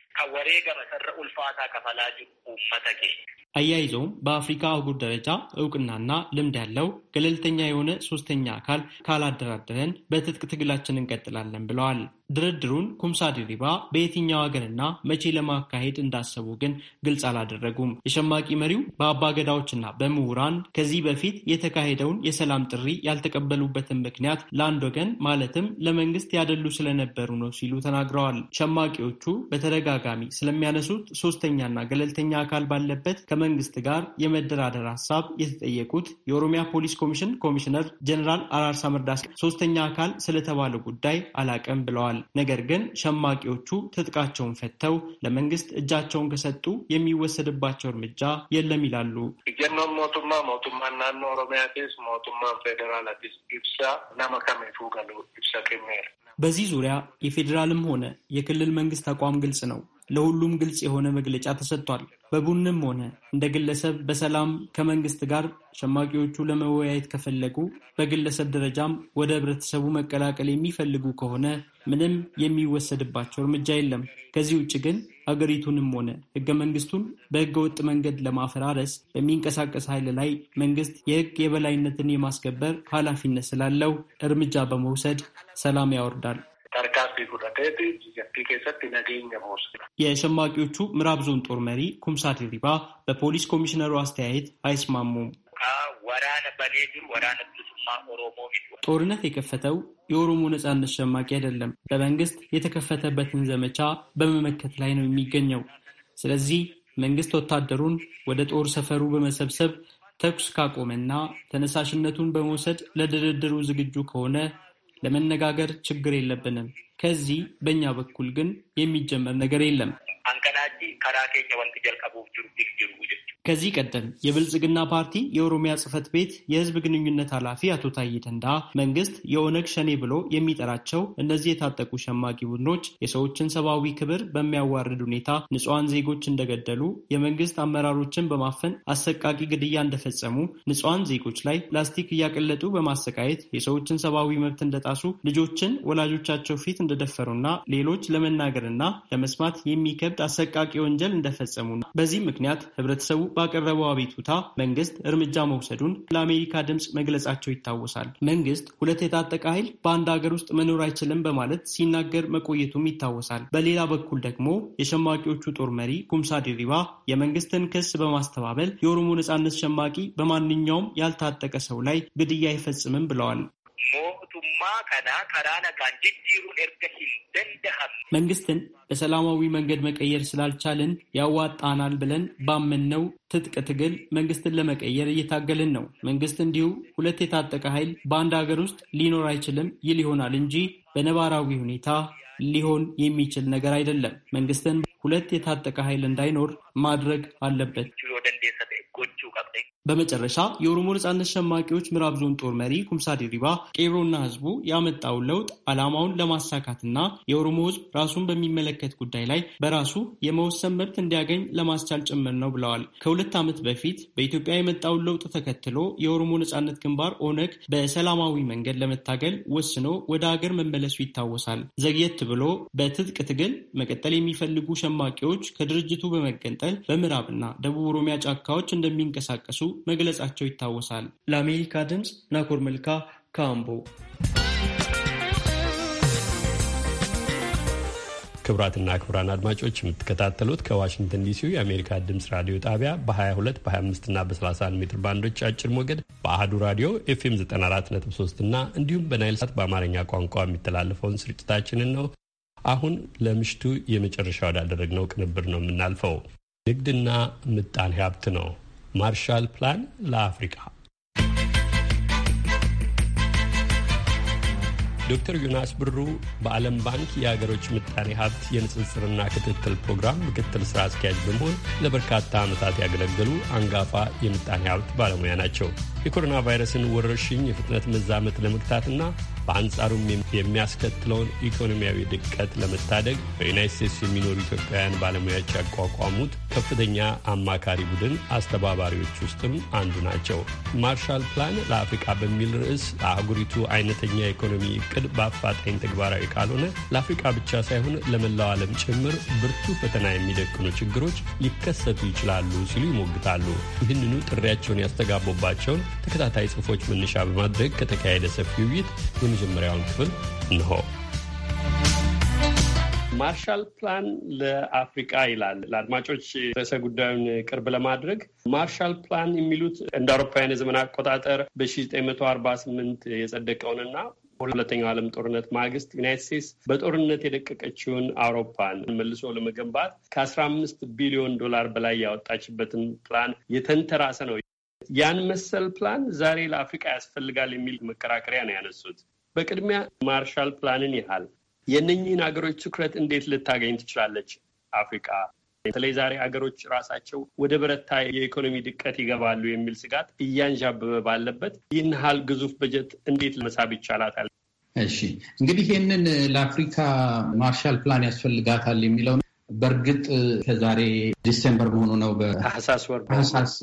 አያይዘውም በአፍሪካ አህጉር ደረጃ እውቅናና ልምድ ያለው ገለልተኛ የሆነ ሶስተኛ አካል ካላደራደረን በትጥቅ ትግላችን እንቀጥላለን ብለዋል። ድርድሩን ኩምሳ ድሪባ በየትኛው ሀገርና መቼ ለማካሄድ እንዳሰቡ ግን ግልጽ አላደረጉም። የሸማቂ መሪው በአባገዳዎችና በምሁራን ከዚህ በፊት የተካሄደውን የሰላም ጥሪ ያልተቀበሉበትን ምክንያት ለአንድ ወገን ማለትም ለመንግስት ያደሉ ስለነበሩ ነው ሲሉ ተናግረዋል። ሸማቂዎቹ በተደጋጋሚ ስለሚያነሱት ሶስተኛና ገለልተኛ አካል ባለበት ከመ መንግስት ጋር የመደራደር ሀሳብ የተጠየቁት የኦሮሚያ ፖሊስ ኮሚሽን ኮሚሽነር ጀኔራል አራርሳ መርዳሳ ሶስተኛ አካል ስለተባለ ጉዳይ አላቀም ብለዋል። ነገር ግን ሸማቂዎቹ ትጥቃቸውን ፈተው ለመንግስት እጃቸውን ከሰጡ የሚወሰድባቸው እርምጃ የለም ይላሉ። ጀኖም ሞቱማ ሞቱማ ናኖ ኦሮሚያስ ሞቱማ ፌዴራል ኢብሳ ናመካሜቱ ገሉ ኢብሳ ክሜር በዚህ ዙሪያ የፌዴራልም ሆነ የክልል መንግስት አቋም ግልጽ ነው። ለሁሉም ግልጽ የሆነ መግለጫ ተሰጥቷል። በቡድንም ሆነ እንደ ግለሰብ በሰላም ከመንግስት ጋር ሸማቂዎቹ ለመወያየት ከፈለጉ፣ በግለሰብ ደረጃም ወደ ህብረተሰቡ መቀላቀል የሚፈልጉ ከሆነ ምንም የሚወሰድባቸው እርምጃ የለም። ከዚህ ውጭ ግን ሀገሪቱንም ሆነ ህገ መንግስቱን በህገ ወጥ መንገድ ለማፈራረስ በሚንቀሳቀስ ኃይል ላይ መንግስት የህግ የበላይነትን የማስከበር ኃላፊነት ስላለው እርምጃ በመውሰድ ሰላም ያወርዳል። harkaaf fi fudhateeti biyyattii ነገኝ nageenya የሸማቂዎቹ ምዕራብ ዞን ጦር መሪ ኩምሳ ድሪባ በፖሊስ ኮሚሽነሩ አስተያየት አይስማሙም። ጦርነት የከፈተው የኦሮሞ ነጻነት ሸማቂ አይደለም፣ በመንግስት የተከፈተበትን ዘመቻ በመመከት ላይ ነው የሚገኘው። ስለዚህ መንግስት ወታደሩን ወደ ጦር ሰፈሩ በመሰብሰብ ተኩስ ካቆመና ተነሳሽነቱን በመውሰድ ለድርድሩ ዝግጁ ከሆነ ለመነጋገር ችግር የለብንም። ከዚህ በእኛ በኩል ግን የሚጀመር ነገር የለም። kanatti karaa keenya wanti jalqabuuf jiruuf ቀደም የብልጽግና ፓርቲ የኦሮሚያ ጽህፈት ቤት የህዝብ ግንኙነት ኃላፊ አቶ ታዬ ደንደአ መንግስት የኦነግ ሸኔ ብሎ የሚጠራቸው እነዚህ የታጠቁ ሸማቂ ቡድኖች የሰዎችን ሰብአዊ ክብር በሚያዋርድ ሁኔታ ንጹሐን ዜጎች እንደገደሉ፣ የመንግስት አመራሮችን በማፈን አሰቃቂ ግድያ እንደፈጸሙ፣ ንጹሐን ዜጎች ላይ ፕላስቲክ እያቀለጡ በማሰቃየት የሰዎችን ሰብአዊ መብት እንደጣሱ፣ ልጆችን ወላጆቻቸው ፊት እንደደፈሩና ሌሎች ለመናገርና ለመስማት የሚከብድ አሰቃቂ አሰቃቂ ወንጀል እንደፈጸሙና በዚህ ምክንያት ህብረተሰቡ ባቀረበው አቤቱታ መንግስት እርምጃ መውሰዱን ለአሜሪካ ድምፅ መግለጻቸው ይታወሳል። መንግስት ሁለት የታጠቀ ኃይል በአንድ ሀገር ውስጥ መኖር አይችልም በማለት ሲናገር መቆየቱም ይታወሳል። በሌላ በኩል ደግሞ የሸማቂዎቹ ጦር መሪ ኩምሳ ዲሪባ የመንግስትን ክስ በማስተባበል የኦሮሞ ነጻነት ሸማቂ በማንኛውም ያልታጠቀ ሰው ላይ ግድያ አይፈጽምም ብለዋል። ሞቱማ ከና ከራነ ካን ጅጅሩ ኤርገ ሂንደንደሀም መንግስትን በሰላማዊ መንገድ መቀየር ስላልቻልን ያዋጣናል ብለን ባመንነው ትጥቅ ትግል መንግስትን ለመቀየር እየታገልን ነው። መንግስት እንዲሁ ሁለት የታጠቀ ኃይል በአንድ ሀገር ውስጥ ሊኖር አይችልም ይል ይሆናል እንጂ በነባራዊ ሁኔታ ሊሆን የሚችል ነገር አይደለም። መንግስትን ሁለት የታጠቀ ኃይል እንዳይኖር ማድረግ አለበት። በመጨረሻ የኦሮሞ ነጻነት ሸማቂዎች ምዕራብ ዞን ጦር መሪ ኩምሳ ዲሪባ ቄሮና ህዝቡ ያመጣውን ለውጥ ዓላማውን ለማሳካትና የኦሮሞ ህዝብ ራሱን በሚመለከት ጉዳይ ላይ በራሱ የመወሰን መብት እንዲያገኝ ለማስቻል ጭምር ነው ብለዋል። ከሁለት ዓመት በፊት በኢትዮጵያ የመጣውን ለውጥ ተከትሎ የኦሮሞ ነጻነት ግንባር ኦነግ በሰላማዊ መንገድ ለመታገል ወስኖ ወደ ሀገር መመለሱ ይታወሳል። ዘግየት ብሎ በትጥቅ ትግል መቀጠል የሚፈልጉ ሸማቂዎች ከድርጅቱ በመገንጠል በምዕራብና ደቡብ ኦሮሚያ ጫካዎች እንደሚንቀሳቀሱ መግለጻቸው ይታወሳል። ለአሜሪካ ድምፅ ናኮር መልካ ካምቦ። ክቡራትና ክቡራን አድማጮች የምትከታተሉት ከዋሽንግተን ዲሲ የአሜሪካ ድምፅ ራዲዮ ጣቢያ በ22 በ25ና በ31 ሜትር ባንዶች አጭር ሞገድ በአህዱ ራዲዮ ኤፍኤም 94.3 እና እንዲሁም በናይል ሳት በአማርኛ ቋንቋ የሚተላለፈውን ስርጭታችንን ነው። አሁን ለምሽቱ የመጨረሻ ወዳደረግነው ቅንብር ነው የምናልፈው። ንግድና ምጣኔ ሀብት ነው። ማርሻል ፕላን ለአፍሪካ ዶክተር ዮናስ ብሩ በዓለም ባንክ የሀገሮች ምጣኔ ሀብት የንጽጽርና ክትትል ፕሮግራም ምክትል ስራ አስኪያጅ በመሆን ለበርካታ ዓመታት ያገለገሉ አንጋፋ የምጣኔ ሀብት ባለሙያ ናቸው። የኮሮና ቫይረስን ወረርሽኝ የፍጥነት መዛመት ለመግታትና በአንጻሩም የሚያስከትለውን ኢኮኖሚያዊ ድቀት ለመታደግ በዩናይት ስቴትስ የሚኖሩ ኢትዮጵያውያን ባለሙያዎች ያቋቋሙት ከፍተኛ አማካሪ ቡድን አስተባባሪዎች ውስጥም አንዱ ናቸው። ማርሻል ፕላን ለአፍሪቃ በሚል ርዕስ ለአህጉሪቱ አይነተኛ የኢኮኖሚ እቅድ በአፋጣኝ ተግባራዊ ካልሆነ ለአፍሪቃ ብቻ ሳይሆን ለመላው ዓለም ጭምር ብርቱ ፈተና የሚደቅኑ ችግሮች ሊከሰቱ ይችላሉ ሲሉ ይሞግታሉ። ይህንኑ ጥሪያቸውን ያስተጋቡባቸውን ተከታታይ ጽሑፎች መነሻ በማድረግ ከተካሄደ ሰፊ ውይይት የመጀመሪያውን ክፍል እንሆ። ማርሻል ፕላን ለአፍሪቃ ይላል። ለአድማጮች ርዕሰ ጉዳዩን ቅርብ ለማድረግ ማርሻል ፕላን የሚሉት እንደ አውሮፓውያን የዘመን አቆጣጠር በ1948 የጸደቀውንና ሁለተኛው ዓለም ጦርነት ማግስት ዩናይት ስቴትስ በጦርነት የደቀቀችውን አውሮፓን መልሶ ለመገንባት ከ15 ቢሊዮን ዶላር በላይ ያወጣችበትን ፕላን የተንተራሰ ነው። ያን መሰል ፕላን ዛሬ ለአፍሪቃ ያስፈልጋል የሚል መከራከሪያ ነው ያነሱት። በቅድሚያ ማርሻል ፕላንን ያህል የእነኝህን ሀገሮች ትኩረት እንዴት ልታገኝ ትችላለች አፍሪካ? በተለይ ዛሬ ሀገሮች ራሳቸው ወደ በረታ የኢኮኖሚ ድቀት ይገባሉ የሚል ስጋት እያንዣበበ ባለበት ይህን ያህል ግዙፍ በጀት እንዴት መሳብ ይቻላታል? እሺ እንግዲህ ይህንን ለአፍሪካ ማርሻል ፕላን ያስፈልጋታል የሚለው በእርግጥ ከዛሬ ዲሴምበር መሆኑ ነው በታህሳስ ወር ታህሳስ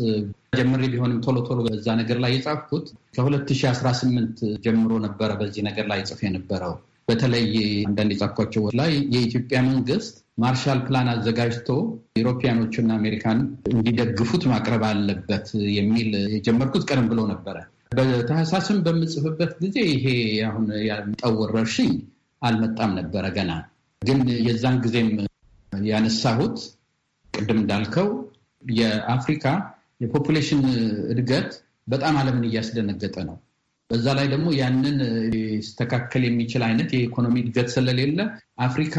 ጀምሬ ቢሆንም ቶሎ ቶሎ በዛ ነገር ላይ የጻፍኩት ከ2018 ጀምሮ ነበረ። በዚህ ነገር ላይ ጽፍ የነበረው በተለይ አንዳንድ የጻፍኳቸው ላይ የኢትዮጵያ መንግስት ማርሻል ፕላን አዘጋጅቶ ኢሮፓያኖቹና አሜሪካን እንዲደግፉት ማቅረብ አለበት የሚል የጀመርኩት ቀደም ብሎ ነበረ። በታህሳስም በምጽፍበት ጊዜ ይሄ አሁን ያመጣው ወረርሽኝ አልመጣም ነበረ ገና ግን የዛን ጊዜም ያነሳሁት ቅድም እንዳልከው የአፍሪካ የፖፑሌሽን እድገት በጣም ዓለምን እያስደነገጠ ነው። በዛ ላይ ደግሞ ያንን ሊስተካከል የሚችል አይነት የኢኮኖሚ እድገት ስለሌለ አፍሪካ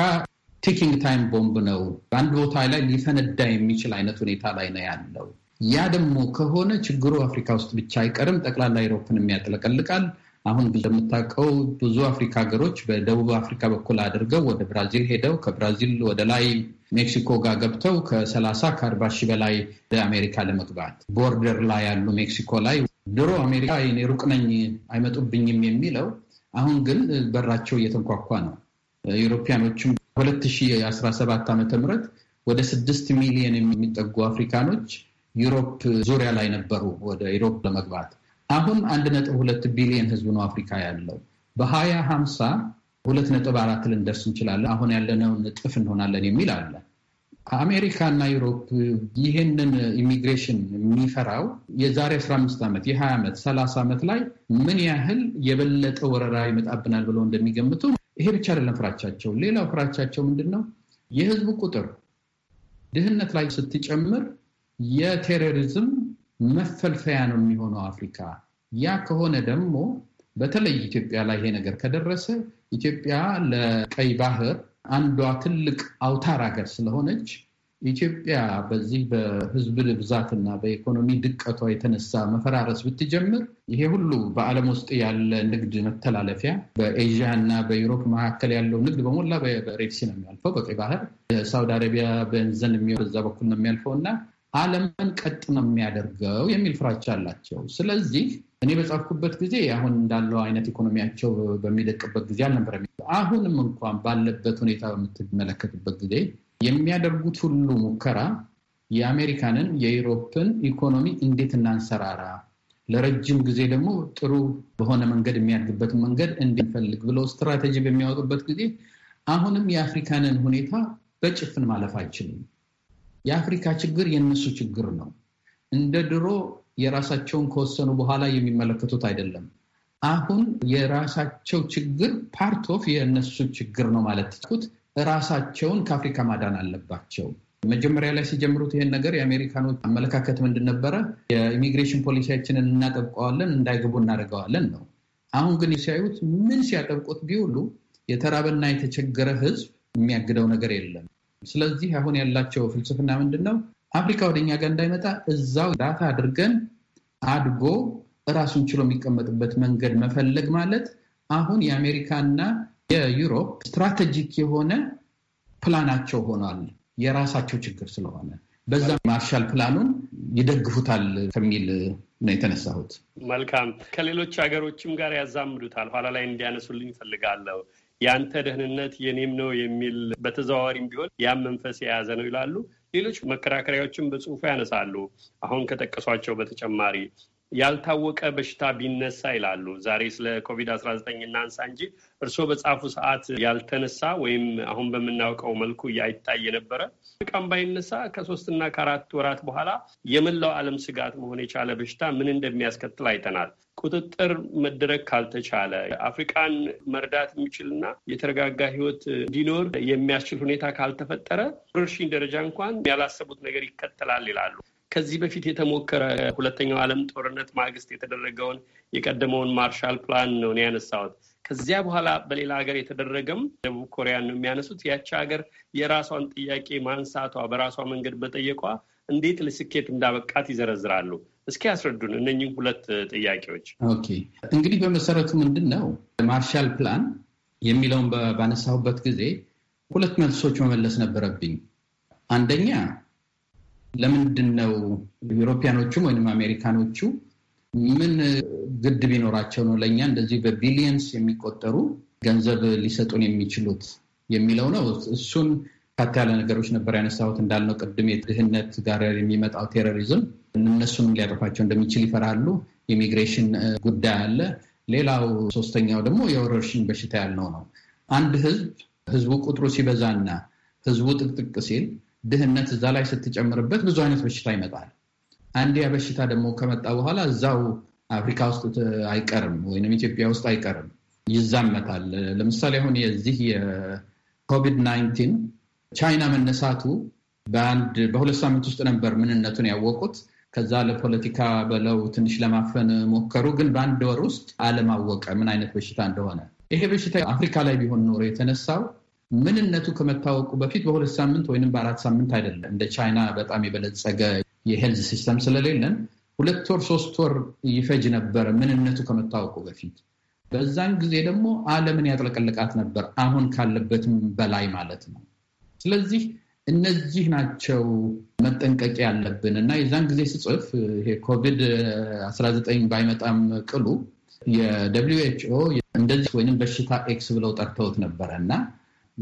ቲኪንግ ታይም ቦምብ ነው፣ በአንድ ቦታ ላይ ሊፈነዳ የሚችል አይነት ሁኔታ ላይ ነው ያለው። ያ ደግሞ ከሆነ ችግሩ አፍሪካ ውስጥ ብቻ አይቀርም፣ ጠቅላላ አውሮፓን የሚያጥለቀልቃል። አሁን እንደምታውቀው ብዙ አፍሪካ ሀገሮች በደቡብ አፍሪካ በኩል አድርገው ወደ ብራዚል ሄደው ከብራዚል ወደ ላይ ሜክሲኮ ጋር ገብተው ከሰላሳ ከአርባ ሺህ በላይ አሜሪካ ለመግባት ቦርደር ላይ ያሉ ሜክሲኮ ላይ ድሮ አሜሪካ ሩቅ ነኝ አይመጡብኝም የሚለው አሁን ግን በራቸው እየተንኳኳ ነው። ኤሮፓያኖቹም 2017 ዓ ም ወደ ስድስት ሚሊዮን የሚጠጉ አፍሪካኖች ዩሮፕ ዙሪያ ላይ ነበሩ ወደ ዩሮፕ ለመግባት አሁን አንድ ነጥብ ሁለት ቢሊዮን ህዝብ ነው አፍሪካ ያለው። በሀያ ሀምሳ ሁለት ነጥብ አራት ልንደርስ እንችላለን፣ አሁን ያለነውን እጥፍ እንሆናለን የሚል አለ። አሜሪካ እና ዩሮፕ ይህንን ኢሚግሬሽን የሚፈራው የዛሬ 15 ዓመት የ20 ዓመት 30 ዓመት ላይ ምን ያህል የበለጠ ወረራ ይመጣብናል ብለው እንደሚገምቱ ይሄ ብቻ አይደለም ፍራቻቸው። ሌላው ፍራቻቸው ምንድን ነው? የህዝቡ ቁጥር ድህነት ላይ ስትጨምር የቴሮሪዝም መፈልፈያ ነው የሚሆነው አፍሪካ። ያ ከሆነ ደግሞ በተለይ ኢትዮጵያ ላይ ይሄ ነገር ከደረሰ ኢትዮጵያ ለቀይ ባህር አንዷ ትልቅ አውታር ሀገር ስለሆነች ኢትዮጵያ በዚህ በህዝብ ብዛትና በኢኮኖሚ ድቀቷ የተነሳ መፈራረስ ብትጀምር ይሄ ሁሉ በዓለም ውስጥ ያለ ንግድ መተላለፊያ በኤዥያ እና በዩሮፕ መካከል ያለው ንግድ በሞላ በሬድሲ ነው የሚያልፈው፣ በቀይ ባህር ሳውዲ አረቢያ በንዘን በዛ በኩል ነው የሚያልፈው እና ዓለምን ቀጥ ነው የሚያደርገው የሚል ፍራቻ አላቸው። ስለዚህ እኔ በጻፍኩበት ጊዜ አሁን እንዳለው አይነት ኢኮኖሚያቸው በሚደቅበት ጊዜ አልነበረም። አሁንም እንኳን ባለበት ሁኔታ በምትመለከትበት ጊዜ የሚያደርጉት ሁሉ ሙከራ የአሜሪካንን የዩሮፕን ኢኮኖሚ እንዴት እናንሰራራ፣ ለረጅም ጊዜ ደግሞ ጥሩ በሆነ መንገድ የሚያድግበት መንገድ እንዲፈልግ ብለው ስትራቴጂ በሚያወጡበት ጊዜ አሁንም የአፍሪካንን ሁኔታ በጭፍን ማለፍ አይችልም። የአፍሪካ ችግር የእነሱ ችግር ነው። እንደ ድሮ የራሳቸውን ከወሰኑ በኋላ የሚመለከቱት አይደለም። አሁን የራሳቸው ችግር ፓርት ኦፍ የእነሱ ችግር ነው ማለት ትችት ራሳቸውን ከአፍሪካ ማዳን አለባቸው። መጀመሪያ ላይ ሲጀምሩት ይሄን ነገር የአሜሪካኖች አመለካከት ምንድን ነበረ? የኢሚግሬሽን ፖሊሲያችንን እናጠብቀዋለን፣ እንዳይገቡ እናደርገዋለን ነው። አሁን ግን ሲያዩት ምን ሲያጠብቁት ቢውሉ የተራበና የተቸገረ ህዝብ የሚያግደው ነገር የለም። ስለዚህ አሁን ያላቸው ፍልስፍና ምንድን ነው? አፍሪካ ወደኛ ጋር እንዳይመጣ እዛው ዳታ አድርገን አድጎ እራሱን ችሎ የሚቀመጥበት መንገድ መፈለግ ማለት አሁን የአሜሪካና የዩሮፕ ስትራቴጂክ የሆነ ፕላናቸው ሆኗል። የራሳቸው ችግር ስለሆነ በዛ ማርሻል ፕላኑን ይደግፉታል ከሚል ነው የተነሳሁት። መልካም ከሌሎች ሀገሮችም ጋር ያዛምዱታል። ኋላ ላይ እንዲያነሱልኝ እፈልጋለሁ። የአንተ ደህንነት የኔም ነው የሚል በተዘዋዋሪም ቢሆን ያም መንፈስ የያዘ ነው ይላሉ። ሌሎች መከራከሪያዎችን በጽሁፉ ያነሳሉ። አሁን ከጠቀሷቸው በተጨማሪ ያልታወቀ በሽታ ቢነሳ ይላሉ። ዛሬ ስለ ኮቪድ-19 እናንሳ እንጂ እርስዎ በጻፉ ሰዓት ያልተነሳ ወይም አሁን በምናውቀው መልኩ ያይታይ የነበረ ቀን ባይነሳ ከሶስትና ከአራት ወራት በኋላ የመላው ዓለም ስጋት መሆን የቻለ በሽታ ምን እንደሚያስከትል አይተናል። ቁጥጥር መደረግ ካልተቻለ አፍሪቃን መርዳት የሚችልና የተረጋጋ ህይወት እንዲኖር የሚያስችል ሁኔታ ካልተፈጠረ ወረርሽኝ ደረጃ እንኳን ያላሰቡት ነገር ይከተላል ይላሉ። ከዚህ በፊት የተሞከረ ሁለተኛው ዓለም ጦርነት ማግስት የተደረገውን የቀደመውን ማርሻል ፕላን ነው ያነሳሁት። ከዚያ በኋላ በሌላ ሀገር የተደረገም ደቡብ ኮሪያን ነው የሚያነሱት። ያቺ ሀገር የራሷን ጥያቄ ማንሳቷ በራሷ መንገድ በጠየቋ እንዴት ለስኬት እንዳበቃት ይዘረዝራሉ። እስኪ ያስረዱን እነኝህ ሁለት ጥያቄዎች። ኦኬ እንግዲህ በመሰረቱ ምንድን ነው ማርሻል ፕላን የሚለውን ባነሳሁበት ጊዜ ሁለት መልሶች መመለስ ነበረብኝ። አንደኛ ለምንድን ነው ዩሮፒያኖቹም ወይም አሜሪካኖቹ ምን ግድ ቢኖራቸው ነው ለእኛ እንደዚህ በቢሊየንስ የሚቆጠሩ ገንዘብ ሊሰጡን የሚችሉት የሚለው ነው። እሱን ካት ያለ ነገሮች ነበር ያነሳሁት። እንዳልነው ቅድም የድህነት ጋር የሚመጣው ቴሮሪዝም እነሱንም ሊያጠፋቸው እንደሚችል ይፈራሉ። ኢሚግሬሽን ጉዳይ አለ። ሌላው ሶስተኛው ደግሞ የወረርሽኝ በሽታ ያልነው ነው። አንድ ህዝብ ህዝቡ ቁጥሩ ሲበዛና ህዝቡ ጥቅጥቅ ሲል ድህነት እዛ ላይ ስትጨምርበት ብዙ አይነት በሽታ ይመጣል። አንድ ያ በሽታ ደግሞ ከመጣ በኋላ እዛው አፍሪካ ውስጥ አይቀርም ወይም ኢትዮጵያ ውስጥ አይቀርም፣ ይዛመታል። ለምሳሌ አሁን የዚህ የኮቪድ ናይንቲን ቻይና መነሳቱ በአንድ በሁለት ሳምንት ውስጥ ነበር ምንነቱን ያወቁት። ከዛ ለፖለቲካ ብለው ትንሽ ለማፈን ሞከሩ፣ ግን በአንድ ወር ውስጥ ዓለም አወቀ ምን አይነት በሽታ እንደሆነ። ይሄ በሽታ አፍሪካ ላይ ቢሆን ኖሮ የተነሳው ምንነቱ ከመታወቁ በፊት በሁለት ሳምንት ወይም በአራት ሳምንት አይደለም። እንደ ቻይና በጣም የበለጸገ የሄልዝ ሲስተም ስለሌለን ሁለት ወር ሶስት ወር ይፈጅ ነበረ ምንነቱ ከመታወቁ በፊት። በዛን ጊዜ ደግሞ ዓለምን ያጥለቀልቃት ነበር አሁን ካለበትም በላይ ማለት ነው። ስለዚህ እነዚህ ናቸው መጠንቀቅ ያለብን እና የዛን ጊዜ ስጽፍ ይሄ ኮቪድ 19 ባይመጣም ቅሉ የደብሊው ኤች ኦ እንደዚህ ወይም በሽታ ኤክስ ብለው ጠርተውት ነበረ እና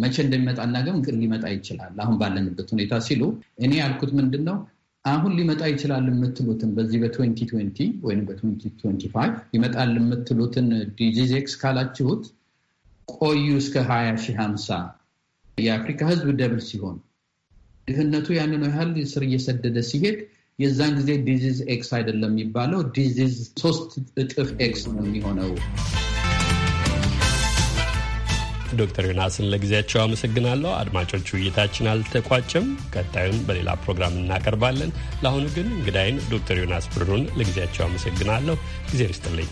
መቼ እንደሚመጣና ግን ሊመጣ ይችላል አሁን ባለንበት ሁኔታ ሲሉ እኔ ያልኩት ምንድን ነው አሁን ሊመጣ ይችላል የምትሉትን በዚህ በ2020 ወይም በ2025 ይመጣል የምትሉትን ዲዚዝ ኤክስ ካላችሁት ቆዩ እስከ 2050 የአፍሪካ ህዝብ ደብል ሲሆን ድህነቱ ያንን ያህል ስር እየሰደደ ሲሄድ የዛን ጊዜ ዲዚዝ ኤክስ አይደለም የሚባለው ዲዚዝ ሶስት እጥፍ ኤክስ ነው የሚሆነው። ዶክተር ዮናስን ለጊዜያቸው አመሰግናለሁ። አድማጮች ውይይታችን አልተቋጨም። ቀጣዩን በሌላ ፕሮግራም እናቀርባለን። ለአሁኑ ግን እንግዳይን ዶክተር ዮናስ ብሩን ለጊዜያቸው አመሰግናለሁ። ጊዜ ርስጥልኝ።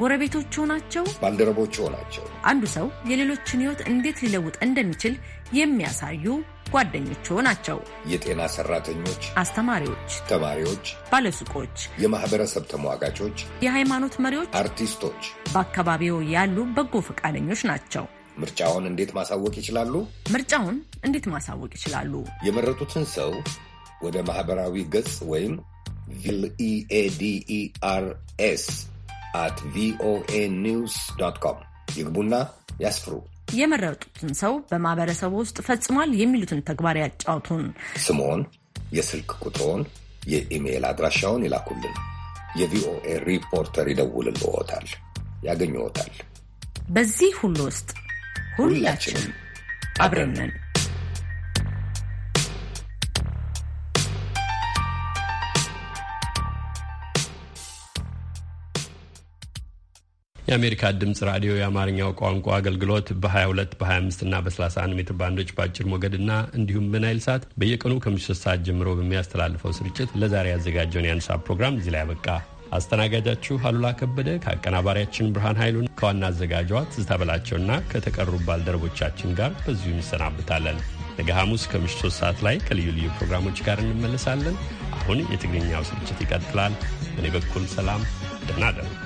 ጎረቤቶቹ ናቸው፣ ባልደረቦቹ ናቸው። አንዱ ሰው የሌሎችን ህይወት እንዴት ሊለውጥ እንደሚችል የሚያሳዩ ጓደኞቹ ናቸው። የጤና ሰራተኞች፣ አስተማሪዎች፣ ተማሪዎች፣ ባለሱቆች፣ የማህበረሰብ ተሟጋቾች፣ የሃይማኖት መሪዎች፣ አርቲስቶች፣ በአካባቢው ያሉ በጎ ፈቃደኞች ናቸው። ምርጫውን እንዴት ማሳወቅ ይችላሉ? ምርጫውን እንዴት ማሳወቅ ይችላሉ? የመረጡትን ሰው ወደ ማህበራዊ ገጽ ወይም ቪልኢኤዲኢአርኤስ አት ቪኦኤ ኒውስ ዶት ኮም ይግቡና ያስፍሩ። የመረጡትን ሰው በማህበረሰቡ ውስጥ ፈጽሟል የሚሉትን ተግባር ያጫውቱን። ስሞን የስልክ ቁጥሮን፣ የኢሜይል አድራሻውን ይላኩልን። የቪኦኤ ሪፖርተር ይደውልልዎታል፣ ያገኝዎታል። በዚህ ሁሉ ውስጥ ሁላችንም አብረን የአሜሪካ ድምፅ ራዲዮ የአማርኛው ቋንቋ አገልግሎት በ22 በ25 እና በ31 ሜትር ባንዶች በአጭር ሞገድና እንዲሁም በናይል ሳት በየቀኑ ከምሽቱ ሶስት ሰዓት ጀምሮ በሚያስተላልፈው ስርጭት ለዛሬ ያዘጋጀውን የአንድ ፕሮግራም እዚህ ላይ ያበቃ። አስተናጋጃችሁ አሉላ ከበደ ከአቀናባሪያችን ብርሃን ኃይሉን ከዋና አዘጋጇ ትዝታ በላቸውና ከተቀሩ ባልደረቦቻችን ጋር በዚሁ እንሰናብታለን። ነገ ሐሙስ ከምሽቱ ሶስት ሰዓት ላይ ከልዩ ልዩ ፕሮግራሞች ጋር እንመለሳለን። አሁን የትግርኛው ስርጭት ይቀጥላል። በእኔ በኩል ሰላም፣ ደህና እደሩ።